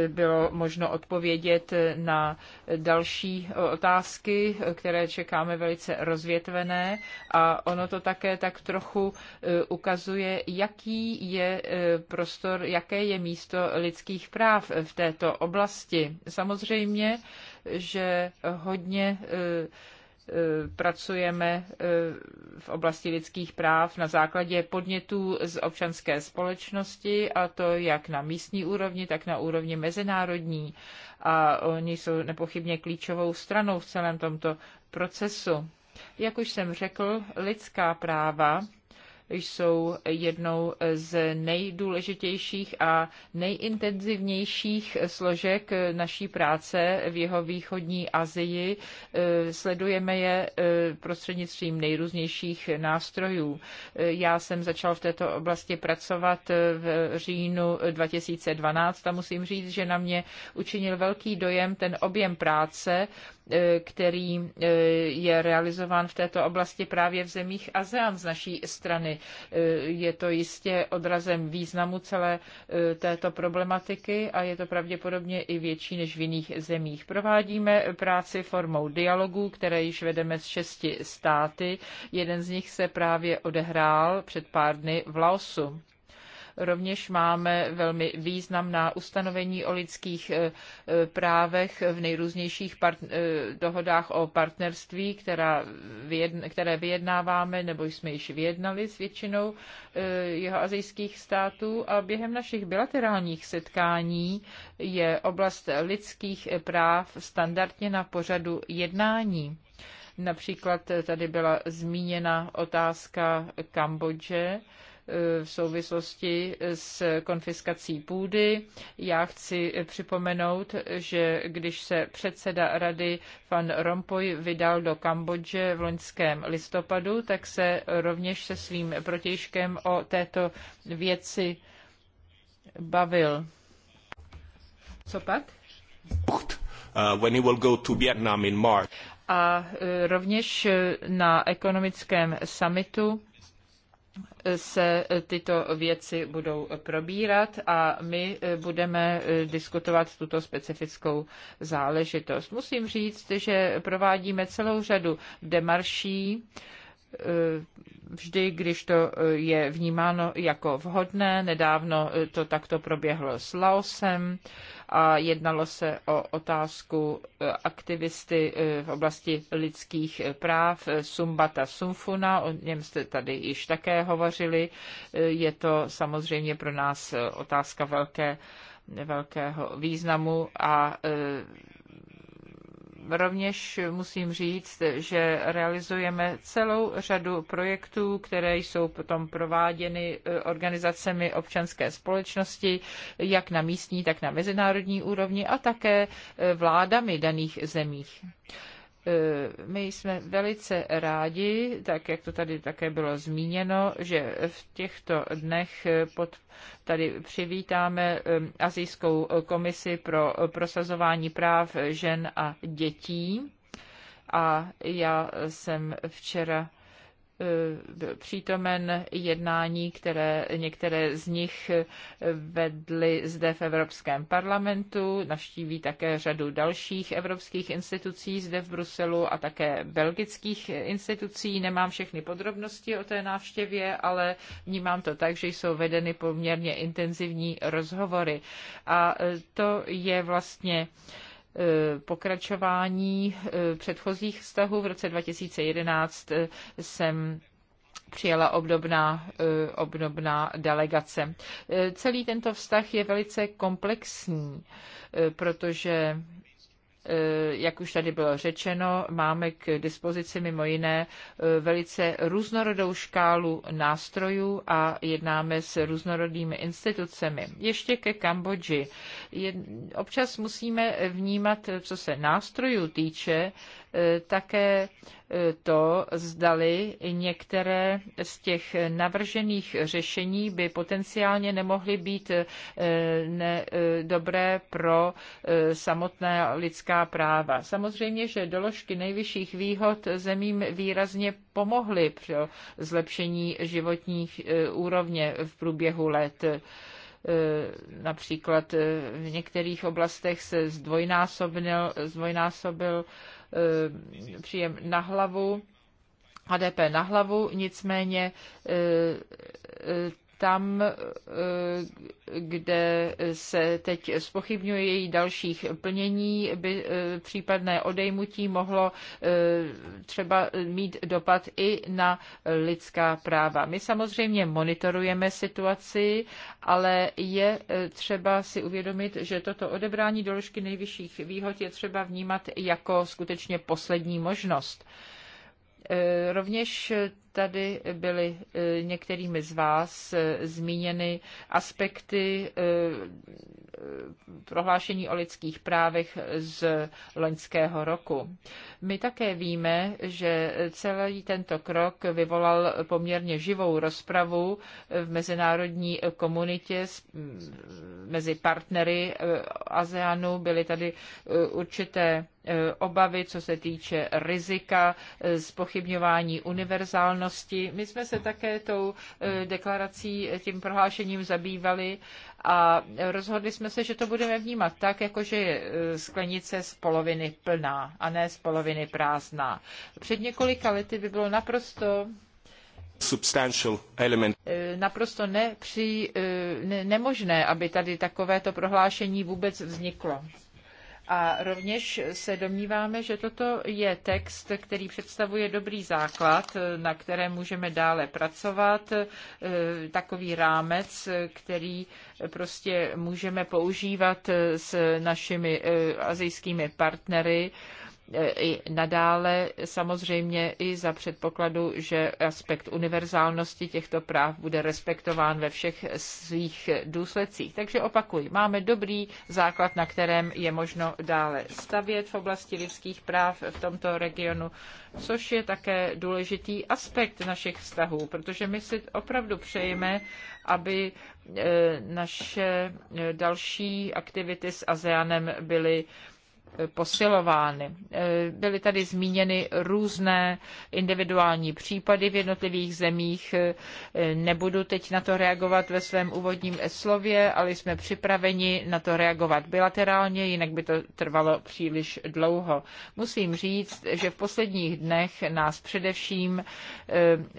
eh, bylo možno odpovědět na další otázky, které čekáme velice rozvětvené. A ono to také tak trochu eh, ukazuje, jaký je prostor, jaké je místo lidských práv v této oblasti. Samozřejmě, že hodně Eh, pracujeme eh, v oblasti lidských práv na základě podnětů z občanské společnosti a to jak na místní úrovni, tak na úrovni mezinárodní. A oni jsou nepochybně klíčovou stranou v celém tomto procesu. Jak už jsem řekl, lidská práva jsou jednou z nejdůležitějších a nejintenzivnějších složek naší práce v jeho východní Asii. Sledujeme je eh, prostřednictvím nejrůznějších nástrojů. Eh, já jsem začal v této oblasti pracovat eh, v říjnu 2012 a musím říct, že na mě učinil velký dojem ten objem práce, Eh, který eh, je realizován v této oblasti právě v zemích ASEAN z naší strany. Eh, je to jistě odrazem významu celé této problematiky a je to pravděpodobně i větší než v jiných zemích. Provádíme práci formou dialogů, které již vedeme s šesti státy. Jeden z nich se právě odehrál před pár dny v Laosu. Rovněž máme velmi významná ustanovení o lidských e, e, právech v nejrůznějších e, dohodách o partnerství, která vyjedn- které vyjednáváme nebo jsme již vyjednali s většinou jeho azijských států. A během našich bilaterálních setkání je oblast lidských práv standardně na pořadu jednání. Například tady byla zmíněna otázka Kambodže Eh, v souvislosti s konfiskací půdy. Já chci připomenout, že když se předseda rady Van Rompuy vydal do Kambodže v loňském listopadu, tak se rovněž se svým protějškem o této věci bavil. Co pak? Uh, when he will go to Vietnam in March. A eh, rovněž na ekonomickém summitu se tyto věci budou probírat a my budeme diskutovat tuto specifickou záležitost. Musím říct, že provádíme celou řadu demarší, Eh, vždy, když to eh, je vnímáno jako vhodné. Nedávno eh, to takto proběhlo s Laosem a jednalo se o otázku aktivisty v oblasti lidských práv Sumbata Sumfuna, o něm jste tady již také hovořili. Je to samozřejmě pro nás otázka velké, velkého významu a Rovněž musím říct, že realizujeme celou řadu projektů, které jsou potom prováděny e, organizacemi občanské společnosti, jak na místní, tak na mezinárodní úrovni a také e, vládami daných zemích. Eh, my jsme velice rádi, tak jak to tady také bylo zmíněno, že v těchto dnech eh, pod, tady přivítáme eh, Azijskou komisi pro prosazování práv žen a dětí. A já jsem včera Eh, přítomen jednání, které některé z nich eh, vedly zde v Evropském parlamentu, navštíví také řadu dalších evropských institucí zde v Bruselu a také belgických institucí. Nemám všechny podrobnosti o té návštěvě, ale vnímám to tak, že jsou vedeny poměrně intenzivní rozhovory. A eh, to je vlastně Eh, pokračování eh, předchozích vztahů. V roce 2011 eh, jsem přijela obdobná, obdobná delegace. Celý tento vztah je velice komplexní, protože Eh, jak už tady bylo řečeno, máme k dispozici mimo jiné eh, velice různorodou škálu nástrojů a jednáme s různorodými institucemi. Ještě ke Kambodži. Občas musíme vnímat, co se nástrojů týče, Eh, také eh, to, zdali některé z těch navržených řešení by potenciálně nemohly být eh, dobré pro samotná lidská práva. Samozřejmě, že doložky nejvyšších výhod zemím výrazně pomohly pro zlepšení životních úrovně v průběhu let například v některých oblastech se zdvojnásobil, zdvojnásobil Eh, příjem na hlavu, HDP na hlavu, nicméně eh, eh, tam, eh, kde se teď spochybňuje její dalších plnění, by eh, případné odejmutí mohlo eh, třeba mít dopad i na lidská práva. My samozřejmě monitorujeme situaci, ale je třeba si uvědomit, že toto odebrání doložky nejvyšších výhod je třeba vnímat jako skutečně poslední možnost. Rovněž Tady byly e, některými z vás e, zmíněny aspekty e, prohlášení o lidských právech z loňského roku. My také víme, že celý tento krok vyvolal poměrně živou rozpravu v mezinárodní komunitě mezi partnery ASEANu. Byly tady určité obavy, co se týče rizika, zpochybňování univerzálnosti činnosti. My jsme se také tou e, deklarací, e, tím prohlášením zabývali a rozhodli jsme se, že to budeme vnímat tak, jako že je e, sklenice z poloviny plná a ne z poloviny prázdná. Před několika lety by bylo naprosto substantial element. Naprosto nepři, ne, nemožné, aby tady takovéto prohlášení vůbec vzniklo. A rovněž se domníváme, že toto je text, který představuje dobrý základ, na kterém můžeme dále pracovat, e, takový rámec, který prostě můžeme používat s našimi e, azijskými partnery E, i nadále, samozřejmě i za předpokladu, že aspekt univerzálnosti těchto práv bude respektován ve všech svých důsledcích. Takže opakuj, máme dobrý základ, na kterém je možno dále stavět v oblasti lidských práv v tomto regionu, což je také důležitý aspekt našich vztahů, protože my si opravdu přejeme, aby e, naše e, další aktivity s ASEANem byly posilovány. E, byly tady zmíněny různé individuální případy v jednotlivých zemích. E, nebudu teď na to reagovat ve svém úvodním slově, ale jsme připraveni na to reagovat bilaterálně, jinak by to trvalo příliš dlouho. Musím říct, že v posledních dnech nás především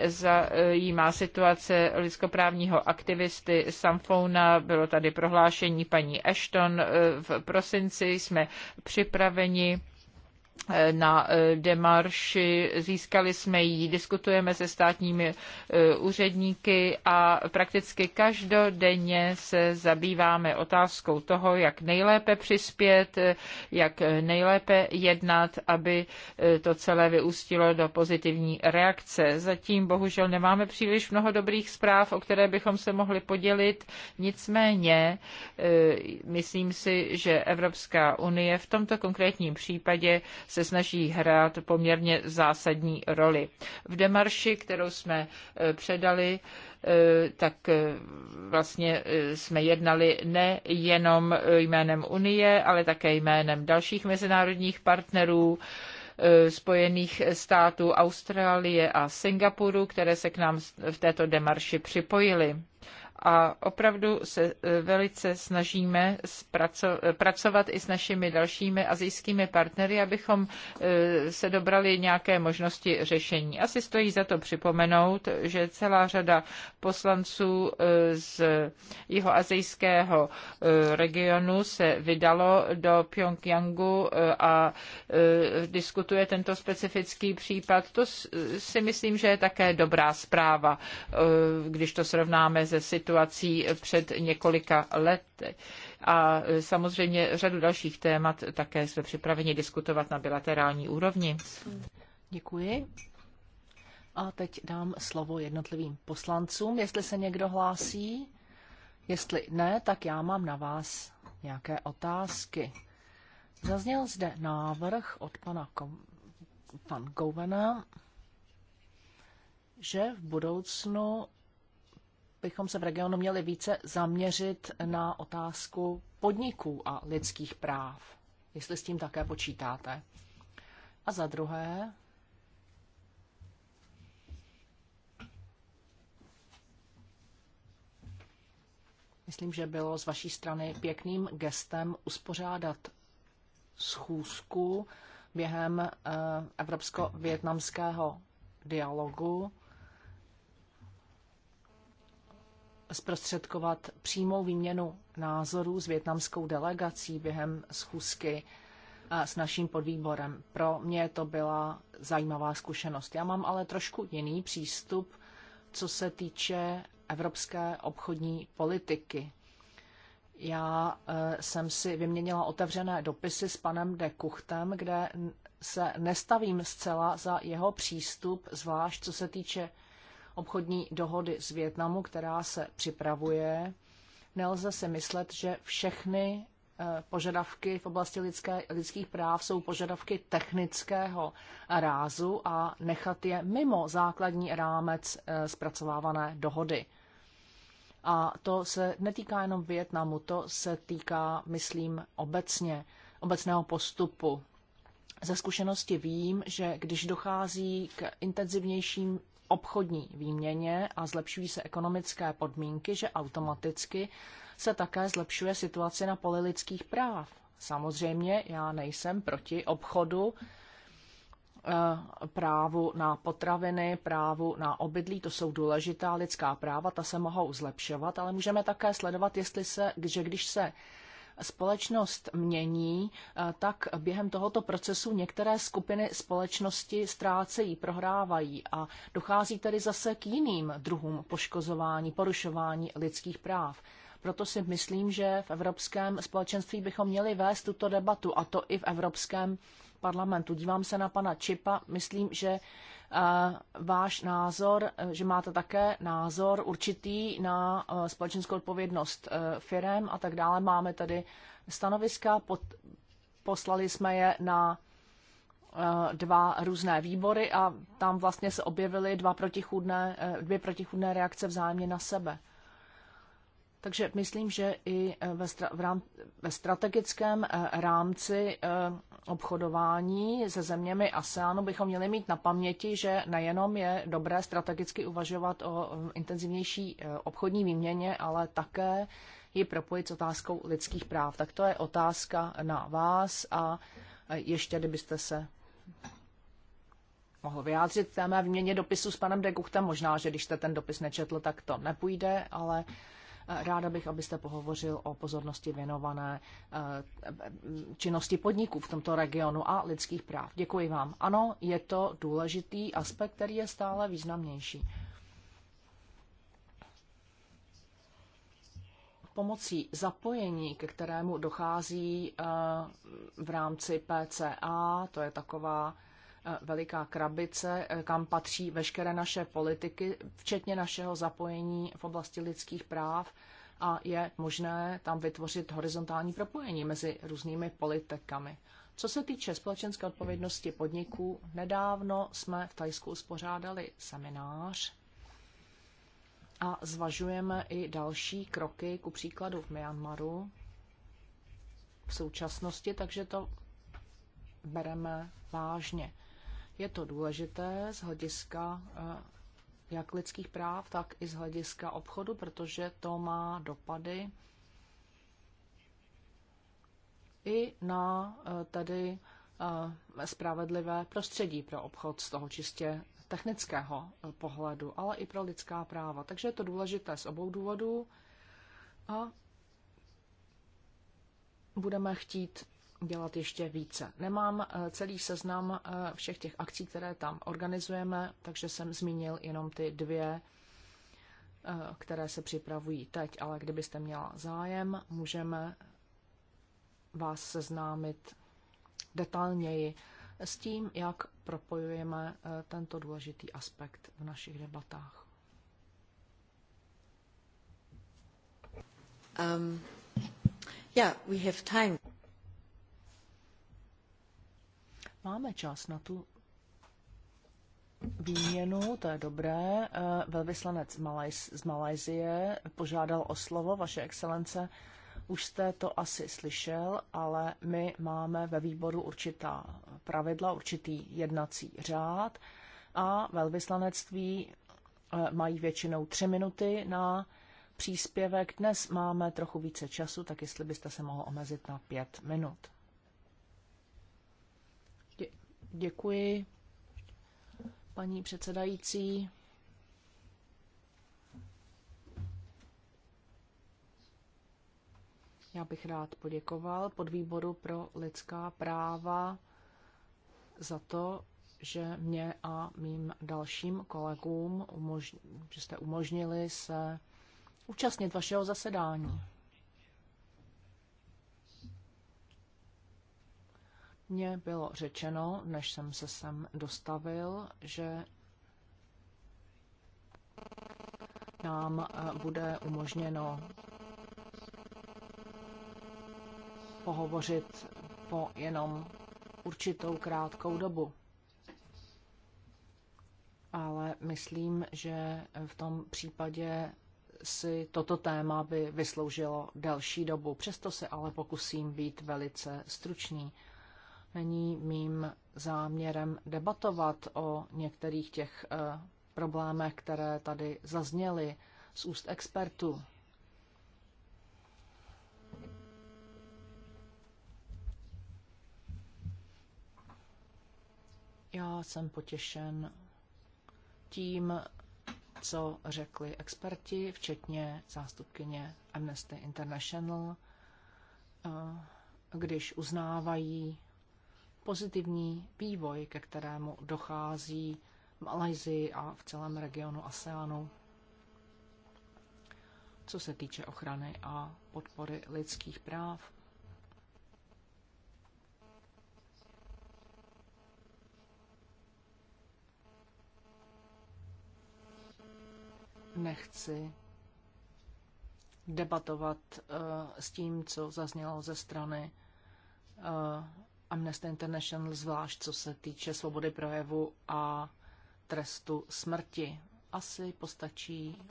e, zajímá situace lidskoprávního aktivisty Samfouna. Bylo tady prohlášení paní Ashton v prosinci. Jsme připraveni připraveni Eh, na eh, demarši, získali jsme ji, diskutujeme se státními eh, úředníky a prakticky každodenně se zabýváme otázkou toho, jak nejlépe přispět, jak nejlépe jednat, aby to celé vyústilo do pozitivní reakce. Zatím bohužel nemáme příliš mnoho dobrých zpráv, o které bychom se mohli podělit, nicméně myslím si, že Evropská unie v tomto konkrétním případě se snaží hrát poměrně zásadní roli. V demarši, kterou jsme e, předali, e, tak e, vlastně jsme jednali nejenom jménem Unie, ale také jménem dalších mezinárodních partnerů, Spojených států, Austrálie a Singapuru, které se k nám v této demarši připojily a opravdu se e, velice snažíme pracovat i s našimi dalšími azijskými partnery, abychom e, se dobrali nějaké možnosti řešení. Asi stojí za to připomenout, že celá řada poslanců e, z jeho azijského regionu se vydalo do Pyongyangu a diskutuje tento specifický případ. To si myslím, že je také dobrá zpráva, když to srovnáme se situací situací před několika lety. A samozřejmě řadu dalších témat také jsme připraveni diskutovat na bilaterální úrovni. Děkuji. A teď dám slovo jednotlivým poslancům, jestli se někdo hlásí. Jestli ne, tak já mám na vás nějaké otázky. Zazněl zde návrh od pana Kom- pan Govena, že v budoucnu bychom se v regionu měli více zaměřit na otázku podniků a lidských práv, jestli s tím také počítáte. A za druhé, myslím, že bylo z vaší strany pěkným gestem uspořádat schůzku během eh, evropsko-větnamského dialogu zprostředkovat přímou výměnu názorů s větnamskou delegací během schůzky s naším podvýborem. Pro mě to byla zajímavá zkušenost. Já mám ale trošku jiný přístup, co se týče evropské obchodní politiky. Já e, jsem si vyměnila otevřené dopisy s panem de Kuchtem, kde se nestavím zcela za jeho přístup, zvlášť co se týče obchodní dohody s Větnamu, která se připravuje, nelze si myslet, že všechny eh, požadavky v oblasti lidské, lidských práv jsou požadavky technického rázu a nechat je mimo základní rámec eh, zpracovávané dohody. A to se netýká jenom Větnamu, to se týká, myslím, obecně, obecného postupu. Ze zkušenosti vím, že když dochází k intenzivnějším obchodní výměně a zlepšují se ekonomické podmínky, že automaticky se také zlepšuje situace na poli lidských práv. Samozřejmě já nejsem proti obchodu, eh, právu na potraviny, právu na obydlí, to jsou důležitá lidská práva, ta se mohou zlepšovat, ale můžeme také sledovat, jestli se, že když se společnost mění, eh, tak během tohoto procesu některé skupiny společnosti ztrácejí, prohrávají a dochází tedy zase k jiným druhům poškozování, porušování lidských práv. Proto si myslím, že v Evropském společenství bychom měli vést tuto debatu, a to i v Evropském parlamentu. Dívám se na pana Čipa, myslím, že Eh, váš názor, eh, že máte také názor určitý na eh, společenskou odpovědnost firem a tak dále. Máme tady stanoviska, pod, poslali jsme je na dva různé výbory a tam vlastně se objevily dva protichůdné, dvě protichůdné reakce vzájemně na sebe. Takže myslím, že i ve, stra- v, rám- ve strategickém rámci obchodování se zeměmi ASEANu bychom měli mít na paměti, že nejenom je dobré strategicky uvažovat o intenzivnější e, obchodní výměně, ale také ji propojit s otázkou lidských práv. Tak to je otázka na vás a e, ještě kdybyste se mohl vyjádřit té mé výměně dopisu s panem Deguchtem. Možná, že když jste ten dopis nečetl, tak to nepůjde, ale Ráda bych, abyste pohovořil o pozornosti věnované eh, činnosti podniků v tomto regionu a lidských práv. Děkuji vám. Ano, je to důležitý aspekt, který je stále významnější. pomocí zapojení, ke kterému dochází eh, v rámci PCA, to je taková Eh, veliká krabice, eh, kam patří veškeré naše politiky, včetně našeho zapojení v oblasti lidských práv a je možné tam vytvořit horizontální propojení mezi různými politikami. Co se týče společenské odpovědnosti podniků, nedávno jsme v Tajsku uspořádali seminář a zvažujeme i další kroky, ku příkladu v Myanmaru v současnosti, takže to bereme vážně. Je to důležité z hlediska eh, jak lidských práv, tak i z hlediska obchodu, protože to má dopady i na eh, tedy eh, spravedlivé prostředí pro obchod z toho čistě technického pohledu, ale i pro lidská práva. Takže je to důležité z obou důvodů a budeme chtít dělat ještě více. Nemám eh, celý seznam eh, všech těch akcí, které tam organizujeme, takže jsem zmínil jenom ty dvě, eh, které se připravují teď, ale kdybyste měla zájem, můžeme vás seznámit detailněji s tím, jak propojujeme tento důležitý aspekt v našich debatách. Um, yeah, we have time. Máme čas na tu výměnu, to je dobré. Eh, velvyslanec z Malajzie požádal o slovo, vaše excelence. Už jste to asi slyšel, ale my máme ve výboru určitá pravidla, určitý jednací řád a velvyslanectví eh, mají většinou tři minuty na příspěvek. Dnes máme trochu více času, tak jestli byste se mohl omezit na pět minut. Děkuji, paní předsedající. Já bych rád poděkoval podvýboru pro lidská práva za to, že mě a mým dalším kolegům, že jste umožnili se účastnit vašeho zasedání. Mně bylo řečeno, než jsem se sem dostavil, že nám eh, bude umožněno pohovořit po jenom určitou krátkou dobu. Ale myslím, že v tom případě si toto téma by vysloužilo delší dobu. Přesto se ale pokusím být velice stručný není mým záměrem debatovat o některých těch eh, problémech, které tady zazněly z úst expertů. Já jsem potěšen tím, co řekli experti, včetně zástupkyně Amnesty International, eh, když uznávají pozitivní vývoj, ke kterému dochází v Malajzii a v celém regionu ASEANu, co se týče ochrany a podpory lidských práv. Nechci debatovat uh, s tím, co zaznělo ze strany uh, Amnesty International, zvlášť co se týče svobody projevu a trestu smrti. Asi postačí,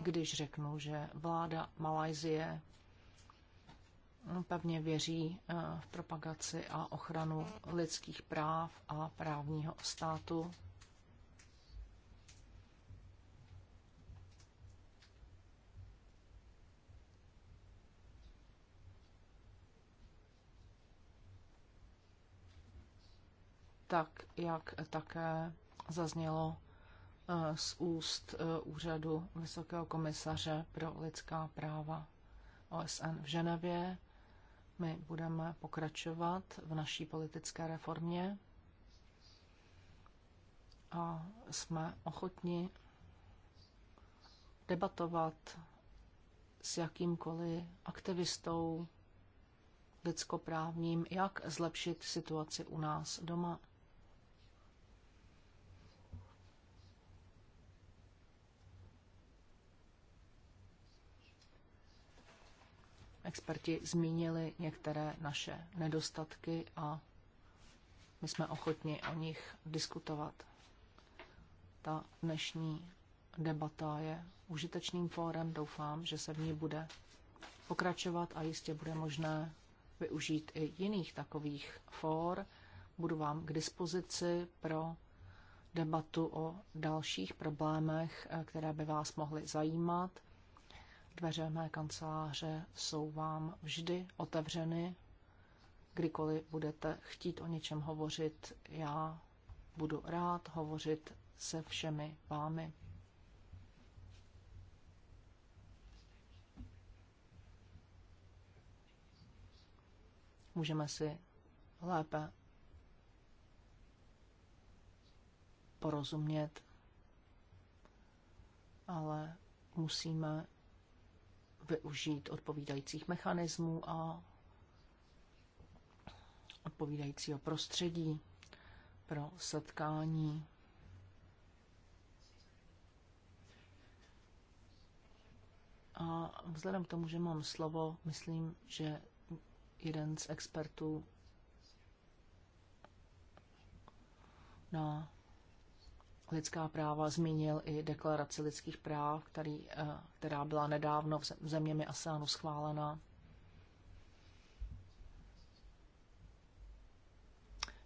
když řeknu, že vláda Malajzie no, pevně věří eh, v propagaci a ochranu lidských práv a právního státu tak jak také zaznělo eh, z úst eh, úřadu Vysokého komisaře pro lidská práva OSN v Ženevě. My budeme pokračovat v naší politické reformě a jsme ochotni debatovat s jakýmkoliv aktivistou lidskoprávním, jak zlepšit situaci u nás doma. experti zmínili některé naše nedostatky a my jsme ochotni o nich diskutovat. Ta dnešní debata je užitečným fórem. Doufám, že se v ní bude pokračovat a jistě bude možné využít i jiných takových fór. Budu vám k dispozici pro debatu o dalších problémech, eh, které by vás mohly zajímat. Dveře mé kanceláře jsou vám vždy otevřeny. Kdykoliv budete chtít o něčem hovořit, já budu rád hovořit se všemi vámi. Můžeme si lépe porozumět, ale musíme využít odpovídajících mechanismů a odpovídajícího prostředí pro setkání. A vzhledem k tomu, že mám slovo, myslím, že jeden z expertů na lidská práva zmínil i deklaraci lidských práv, který, eh, která byla nedávno v zeměmi ASEANu schválena.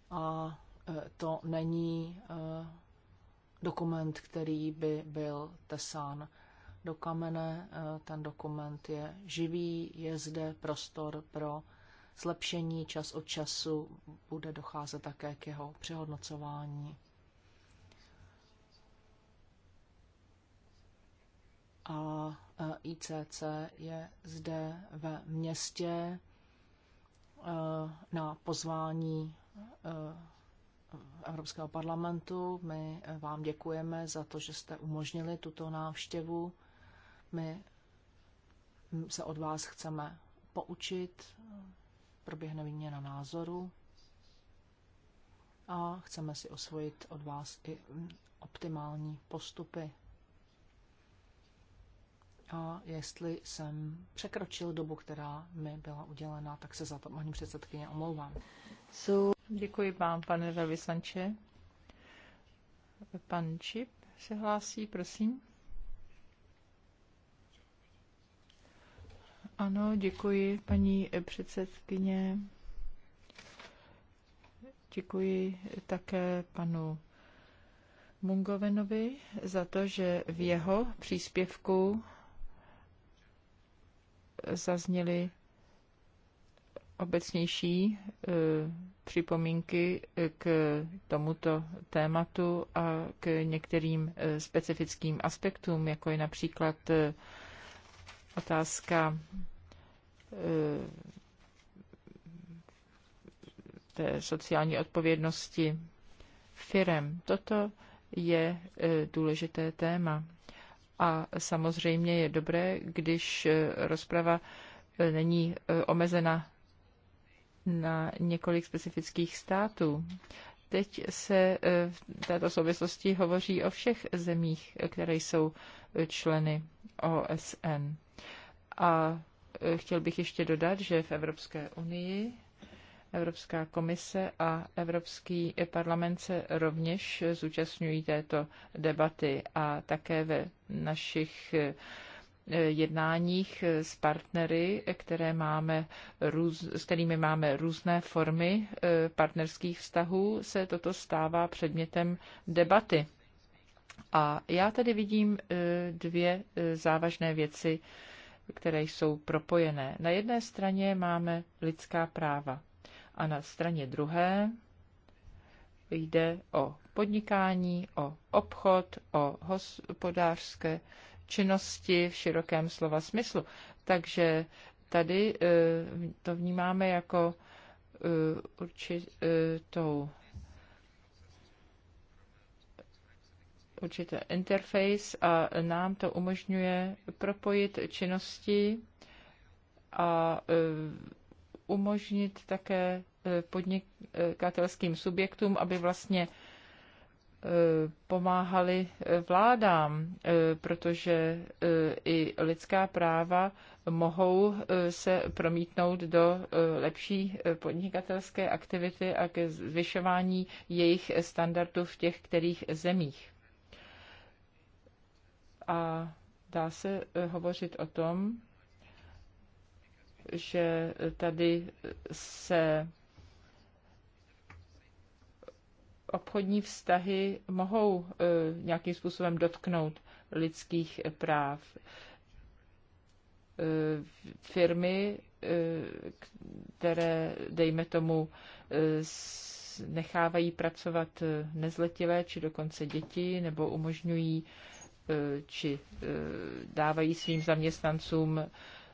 A eh, to není eh, dokument, který by byl tesán do kamene. Ten dokument je živý, je zde prostor pro zlepšení čas od času, bude docházet také k jeho přehodnocování. a e, ICC je zde ve městě e, na pozvání e, Evropského parlamentu. My vám děkujeme za to, že jste umožnili tuto návštěvu. My se od vás chceme poučit, proběhne výměna názoru a chceme si osvojit od vás i optimální postupy a jestli jsem překročil dobu, která mi byla udělena, tak se za to, paní předsedkyně, omlouvám. So... Děkuji vám, pane velvyslanče. Pan Čip se hlásí, prosím. Ano, děkuji, paní předsedkyně. Děkuji také panu Mungovenovi za to, že v jeho příspěvku zazněly obecnější e, připomínky k tomuto tématu a k některým e, specifickým aspektům, jako je například e, otázka té sociální odpovědnosti firem. Toto je důležité téma a samozřejmě je dobré, když eh, rozprava eh, není eh, omezena na několik specifických států. Teď se v této souvislosti hovoří o všech zemích, které jsou členy OSN. A chtěl bych ještě dodat, že v Evropské unii Evropská komise a Evropský parlament se rovněž zúčastňují této debaty a také ve našich eh, jednáních eh, s partnery, které máme s kterými máme různé formy eh, partnerských vztahů, se toto stává předmětem debaty. A já tady vidím dvě závažné věci, které jsou propojené. Na jedné straně máme lidská práva. A na straně druhé jde o podnikání, o obchod, o hospodářské činnosti v širokém slova smyslu. Takže tady e, to vnímáme jako e, určitou e, určitý interface a nám to umožňuje propojit činnosti a umožnit také eh, podnikatelským subjektům, aby vlastně eh, pomáhali eh, vládám, protože i lidská práva mohou se promítnout do lepší podnikatelské aktivity a ke zvyšování jejich standardů v těch kterých zemích. A dá se hovořit o tom, že tady se obchodní vztahy mohou eh, nějakým způsobem dotknout lidských práv. Eh, firmy, eh, které, dejme tomu, nechávají pracovat nezletilé či dokonce děti, nebo umožňují či dávají svým zaměstnancům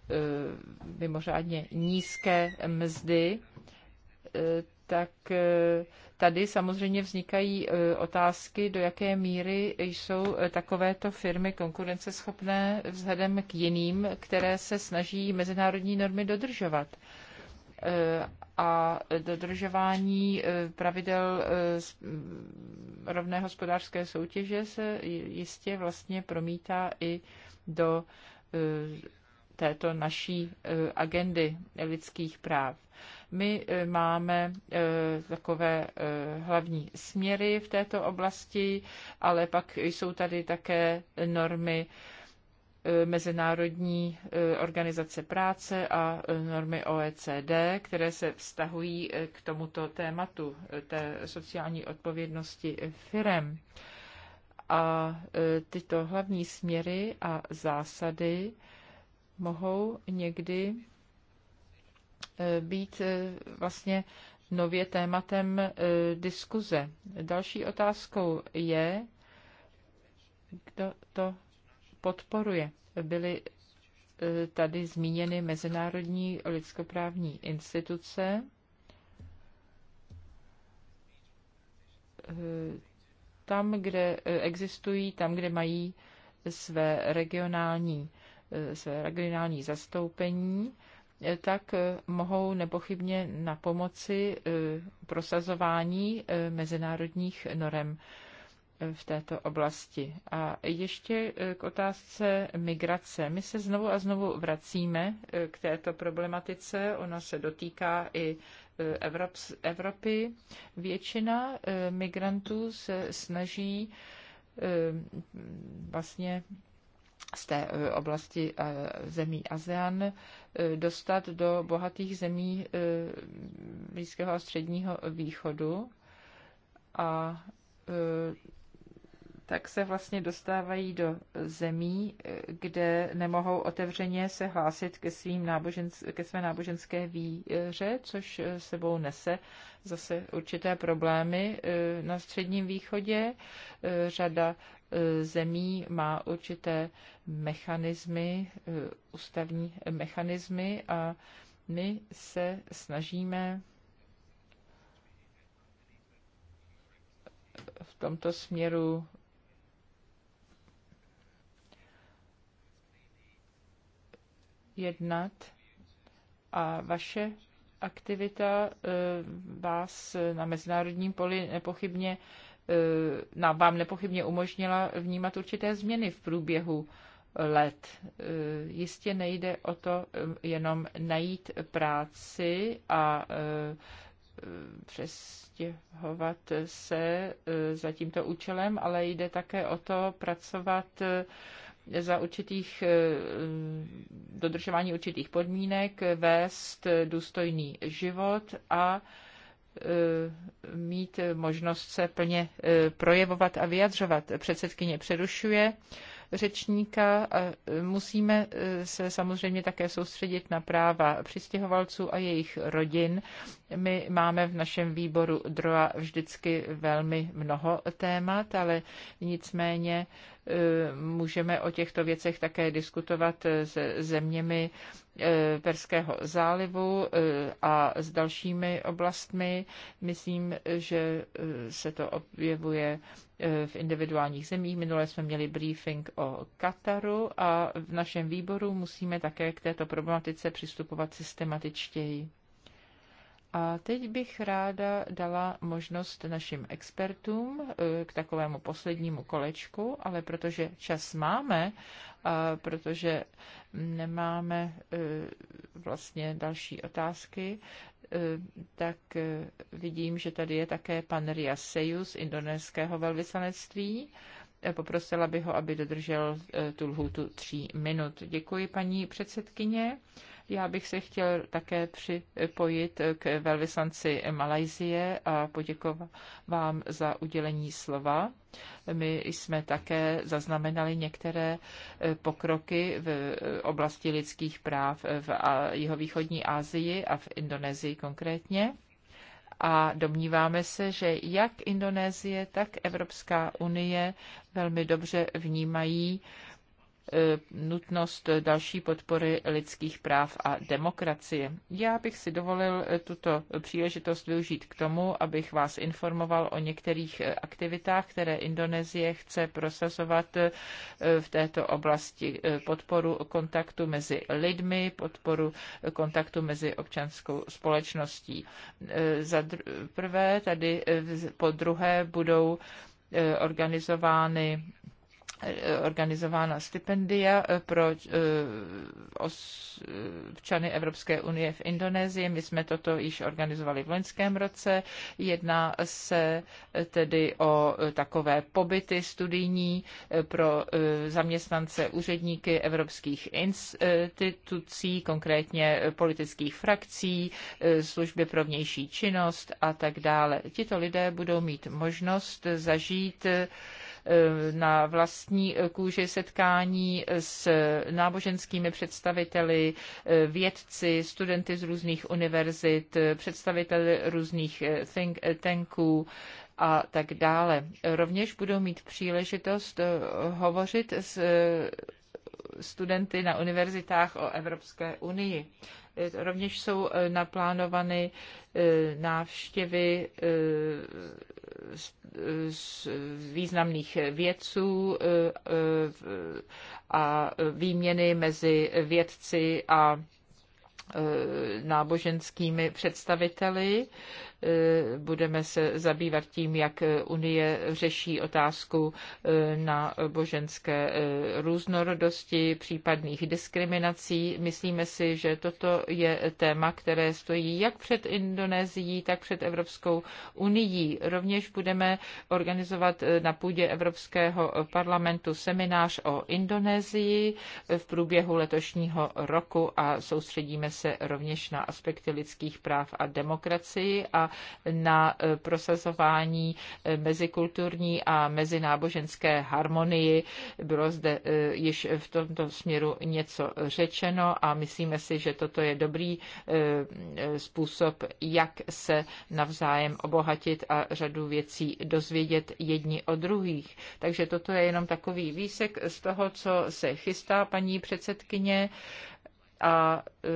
Eh, mimořádně nízké mzdy, eh, tak eh, tady samozřejmě vznikají otázky, do jaké míry jsou takovéto firmy konkurenceschopné vzhledem k jiným, které se snaží mezinárodní normy dodržovat a dodržování pravidel mm, rovné hospodářské soutěže se jistě vlastně promítá i do této naší eh, agendy lidských práv. My eh, máme eh, takové hlavní směry v této oblasti, ale pak jsou tady také normy Mezinárodní organizace práce a normy OECD, které se vztahují k tomuto tématu, té sociální odpovědnosti firem. A tyto hlavní směry a zásady mohou někdy eh, být eh, vlastně nově tématem eh, diskuze. Další otázkou je, kdo to podporuje. Byly tady zmíněny mezinárodní lidskoprávní instituce. Tam, kde existují, tam, kde mají své regionální E, své regionální zastoupení, e, tak e, mohou nepochybně na pomoci prosazování mezinárodních norem v této oblasti. A ještě k otázce migrace. My se znovu a znovu vracíme k této problematice. Ona se dotýká i Evropy. Většina migrantů se snaží vlastně z té eh, oblasti eh, zemí ASEAN eh, dostat do bohatých zemí Blízkého a Středního východu a tak se vlastně dostávají do zemí, kde nemohou otevřeně se hlásit ke, svým náboženc- ke své náboženské víře, což sebou nese zase určité problémy eh, na Středním východě. Eh, řada eh, zemí má určité mechanismy, ústavní mechanismy a my se snažíme v tomto směru jednat a vaše aktivita eh, vás na mezinárodním poli nepochybně, eh, na, vám nepochybně umožnila vnímat určité změny v průběhu let. Eh, jistě nejde o to jenom najít práci a přestěhovat se za tímto účelem, ale jde také o to pracovat za určitých eh, dodržování určitých podmínek vést důstojný život a eh, mít možnost se plně eh, projevovat a vyjadřovat. Předsedkyně přerušuje řečníka. Musíme se samozřejmě také soustředit na práva přistěhovalců a jejich rodin. My máme v našem výboru DROA vždycky velmi mnoho témat, ale nicméně můžeme o těchto věcech také diskutovat se zeměmi eh, Perského zálivu eh, a s dalšími oblastmi. Myslím, že eh, se to objevuje v individuálních zemích. Minule jsme měli briefing o Kataru a v našem výboru musíme také k této problematice přistupovat systematičtěji. A teď bych ráda dala možnost našim expertům eh, k takovému poslednímu kolečku, ale protože čas máme, a protože nemáme eh, vlastně další otázky, eh, tak vidím, že tady je také pan Ria Seju z indonéského velvyslanectví. Poprosila bych ho, aby dodržel tu lhůtu tří minut. Děkuji, paní předsedkyně. Já bych se chtěl také připojit k velvyslanci Malajzie a poděkovat vám za udělení slova. My jsme také zaznamenali některé eh, pokroky v eh, oblasti lidských práv v jihovýchodní Asii a v Indonésii konkrétně a domníváme se, že jak Indonésie, tak Evropská unie velmi dobře vnímají Eh, nutnost další podpory lidských práv a demokracie. Já bych si dovolil eh, tuto příležitost využít k tomu, abych vás informoval o některých eh, aktivitách, které Indonésie chce prosazovat v této oblasti. Podporu kontaktu mezi lidmi, podporu kontaktu mezi občanskou společností. Za prvé, tady po druhé budou organizovány organizována stipendia pro eh, občany Evropské unie v Indonésii. My jsme toto již organizovali v loňském roce. Jedná se tedy o takové pobyty studijní eh, pro eh, zaměstnance úředníky evropských institucí, konkrétně politických frakcí, služby pro vnější činnost a tak dále. Tito lidé budou mít možnost zažít Eh, na vlastní eh, kůži setkání s náboženskými představiteli, eh, vědci, studenty z různých univerzit, představiteli různých think tanků, a tak dále. Rovněž budou mít příležitost hovořit s studenty na univerzitách o Evropské unii. Rovněž jsou e, naplánovány e, návštěvy e, z významných vědců a výměny mezi vědci a Eh, náboženskými představiteli. Eh, budeme se zabývat tím, jak Unie řeší otázku eh, na boženské různorodosti, případných diskriminací. Myslíme si, že toto je téma, které stojí jak před Indonésií, tak před Evropskou unii. Rovněž budeme organizovat na půdě Evropského parlamentu seminář o Indonésii v průběhu letošního roku a soustředíme se rovněž na aspekty lidských práv a demokracii a na e, prosazování e, mezikulturní a mezináboženské harmonii. Bylo zde e, již v tomto směru něco řečeno a myslíme si, že toto je dobrý způsob, jak se navzájem obohatit a řadu věcí dozvědět jedni o druhých. Takže toto je jenom takový výsek z toho, co se chystá paní předsedkyně a e,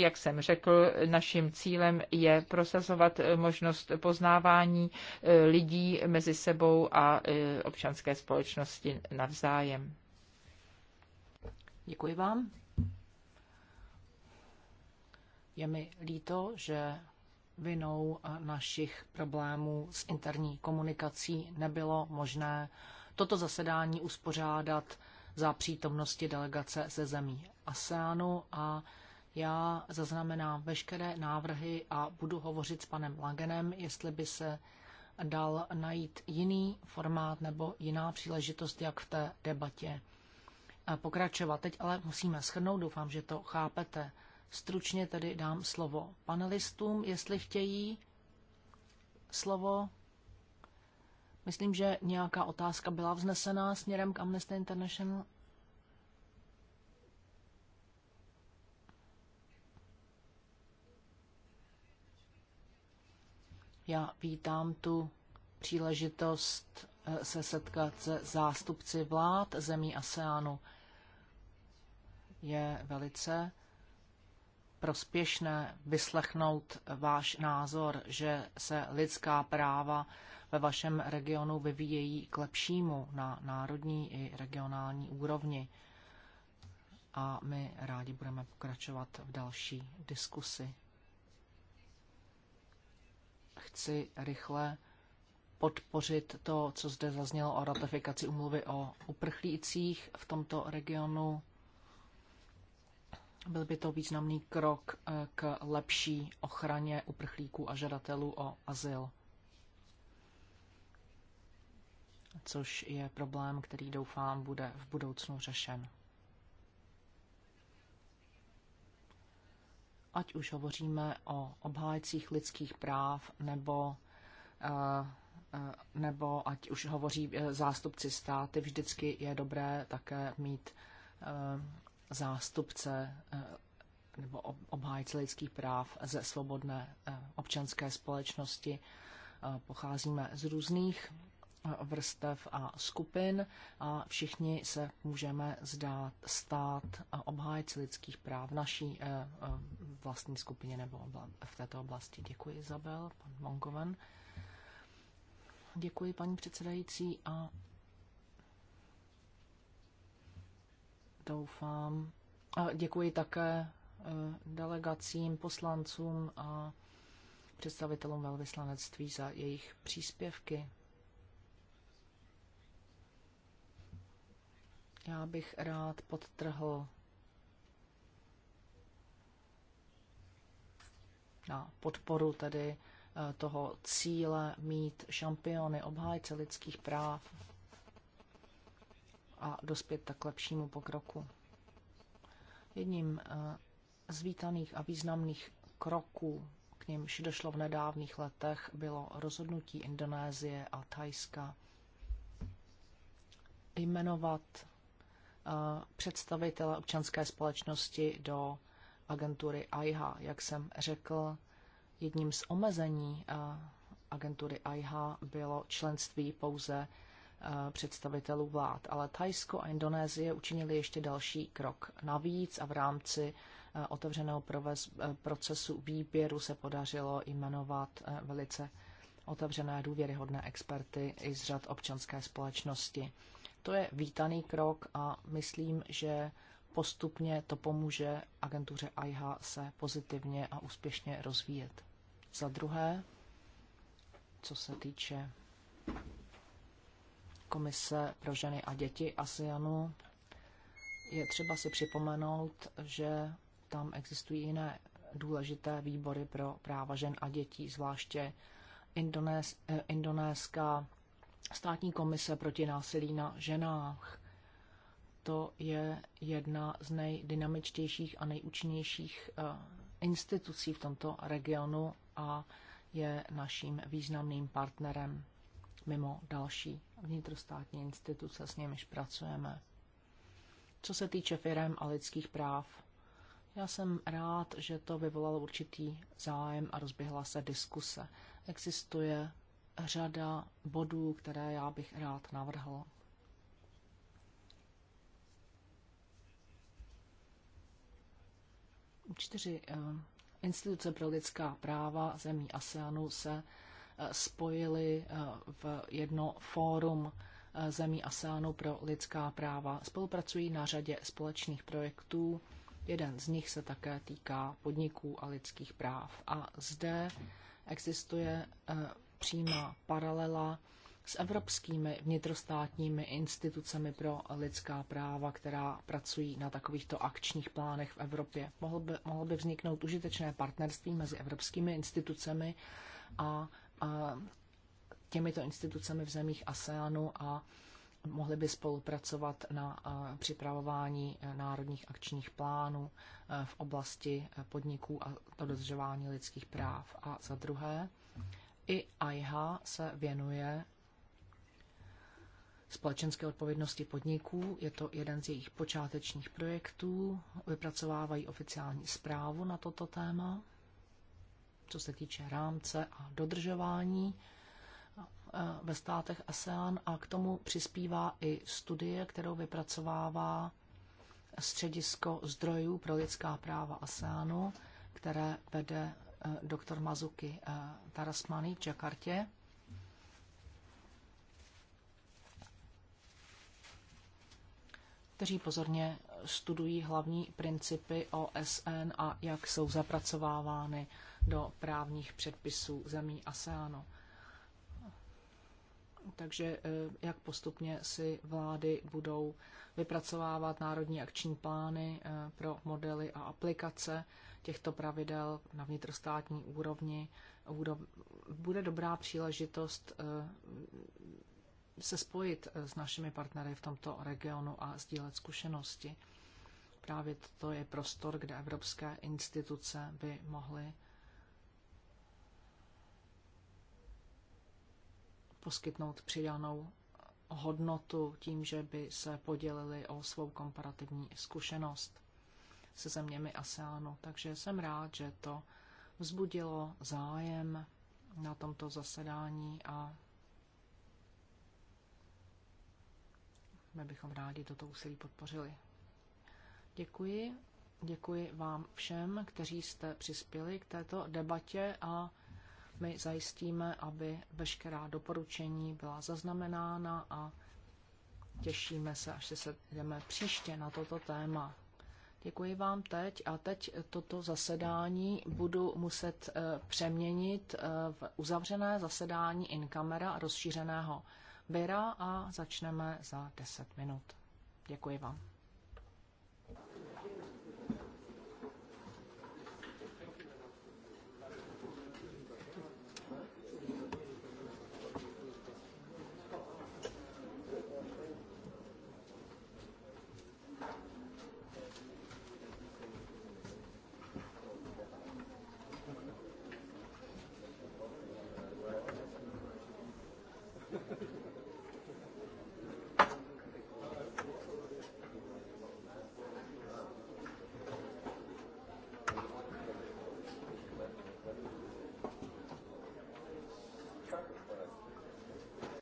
jak jsem řekl, naším cílem je prosazovat možnost poznávání e, lidí mezi sebou a e, občanské společnosti navzájem. Děkuji vám. Je mi líto, že vinou našich problémů s interní komunikací nebylo možné toto zasedání uspořádat za přítomnosti delegace ze zemí ASEANu a já zaznamenám veškeré návrhy a budu hovořit s panem Lagenem, jestli by se dal najít jiný formát nebo jiná příležitost, jak v té debatě eh, pokračovat. Teď ale musíme schrnout, doufám, že to chápete. Stručně tedy dám slovo panelistům, jestli chtějí slovo. Myslím, že nějaká otázka byla vznesená směrem k Amnesty International. Já vítám tu příležitost eh, se setkat se zástupci vlád zemí ASEANu. Je velice prospěšné vyslechnout váš názor, že se lidská práva ve vašem regionu vyvíjejí k lepšímu na národní i regionální úrovni. A my rádi budeme pokračovat v další diskusi. Chci rychle podpořit to, co zde zaznělo o ratifikaci umluvy o uprchlících v tomto regionu. Byl by to významný krok eh, k lepší ochraně uprchlíků a žadatelů o azyl. Což je problém, který doufám bude v budoucnu řešen. Ať už hovoříme o obhájcích lidských práv nebo eh, eh, nebo ať už hovoří zástupci státy, vždycky je dobré také mít zástupce eh, nebo obhájce lidských práv ze svobodné eh, občanské společnosti. Eh, pocházíme z různých vrstev a skupin a všichni se můžeme zdát stát obhájci lidských práv v naší vlastní skupině nebo v této oblasti. Děkuji, Izabel, pan Monkoven. Děkuji, paní předsedající, a doufám. A děkuji také e, delegacím, poslancům a představitelům velvyslanectví za jejich příspěvky. Já bych rád podtrhl na podporu tedy e, toho cíle mít šampiony obhájce lidských práv a dospět tak k lepšímu pokroku. Jedním eh, z vítaných a významných kroků, k němž došlo v nedávných letech, bylo rozhodnutí Indonésie a Thajska jmenovat eh, představitele občanské společnosti do agentury AIHA. Jak jsem řekl, jedním z omezení eh, agentury AIHA bylo členství pouze Eh, představitelů vlád. Ale Thajsko a Indonésie učinili ještě další krok navíc a v rámci eh, otevřeného eh, procesu výběru se podařilo jmenovat velice otevřené důvěryhodné experty i z řad občanské společnosti. To je vítaný krok a myslím, že postupně to pomůže agentuře AIHA se pozitivně a úspěšně rozvíjet. Za druhé, co se týče Komise pro ženy a děti ASEANu, je třeba si připomenout, že tam existují jiné důležité výbory pro práva žen a dětí, zvláště Indonés, eh, indonéská státní komise proti násilí na ženách. To je jedna z nejdynamičtějších a nejúčinnějších eh, institucí v tomto regionu a je naším významným partnerem mimo další vnitrostátní instituce, s nimiž pracujeme. Co se týče firem a lidských práv, já jsem rád, že to vyvolalo určitý zájem a rozběhla se diskuse. Existuje řada bodů, které já bych rád navrhl. Čtyři eh, instituce pro lidská práva zemí ASEANu se spojili eh, v jedno fórum eh, zemí ASEANu pro lidská práva. Spolupracují na řadě společných projektů. Jeden z nich se také týká podniků a lidských práv. A zde existuje eh, přímá paralela s evropskými vnitrostátními institucemi pro lidská práva, která pracují na takovýchto akčních plánech v Evropě. Mohlo by, mohlo by vzniknout užitečné partnerství mezi evropskými institucemi a těmito institucemi v zemích ASEANu a mohli by spolupracovat na připravování e, národních akčních plánů e, v oblasti e, podniků a dodržování lidských práv. A za druhé, i AIHA se věnuje společenské odpovědnosti podniků. Je to jeden z jejich počátečních projektů. Vypracovávají oficiální zprávu na toto téma co se týče rámce a dodržování eh, ve státech ASEAN a k tomu přispívá i studie, kterou vypracovává středisko zdrojů pro lidská práva ASEANu, které vede eh, doktor Mazuki eh, Tarasmany v Jakartě. kteří pozorně studují hlavní principy OSN a jak jsou zapracovávány do právních předpisů zemí ASEANu. Takže eh, jak postupně si vlády budou vypracovávat národní akční plány eh, pro modely a aplikace těchto pravidel na vnitrostátní úrovni, bude dobrá příležitost eh, se spojit s našimi partnery v tomto regionu a sdílet zkušenosti. Právě to je prostor, kde evropské instituce by mohly poskytnout přidanou hodnotu tím, že by se podělili o svou komparativní zkušenost se zeměmi ASEANu. Takže jsem rád, že to vzbudilo zájem na tomto zasedání a my bychom rádi toto úsilí podpořili. Děkuji. Děkuji vám všem, kteří jste přispěli k této debatě a my zajistíme, aby veškerá doporučení byla zaznamenána a těšíme se, až se jdeme příště na toto téma. Děkuji vám teď a teď toto zasedání budu muset eh, přeměnit eh, v uzavřené zasedání in camera rozšířeného byra a začneme za 10 minut. Děkuji vám.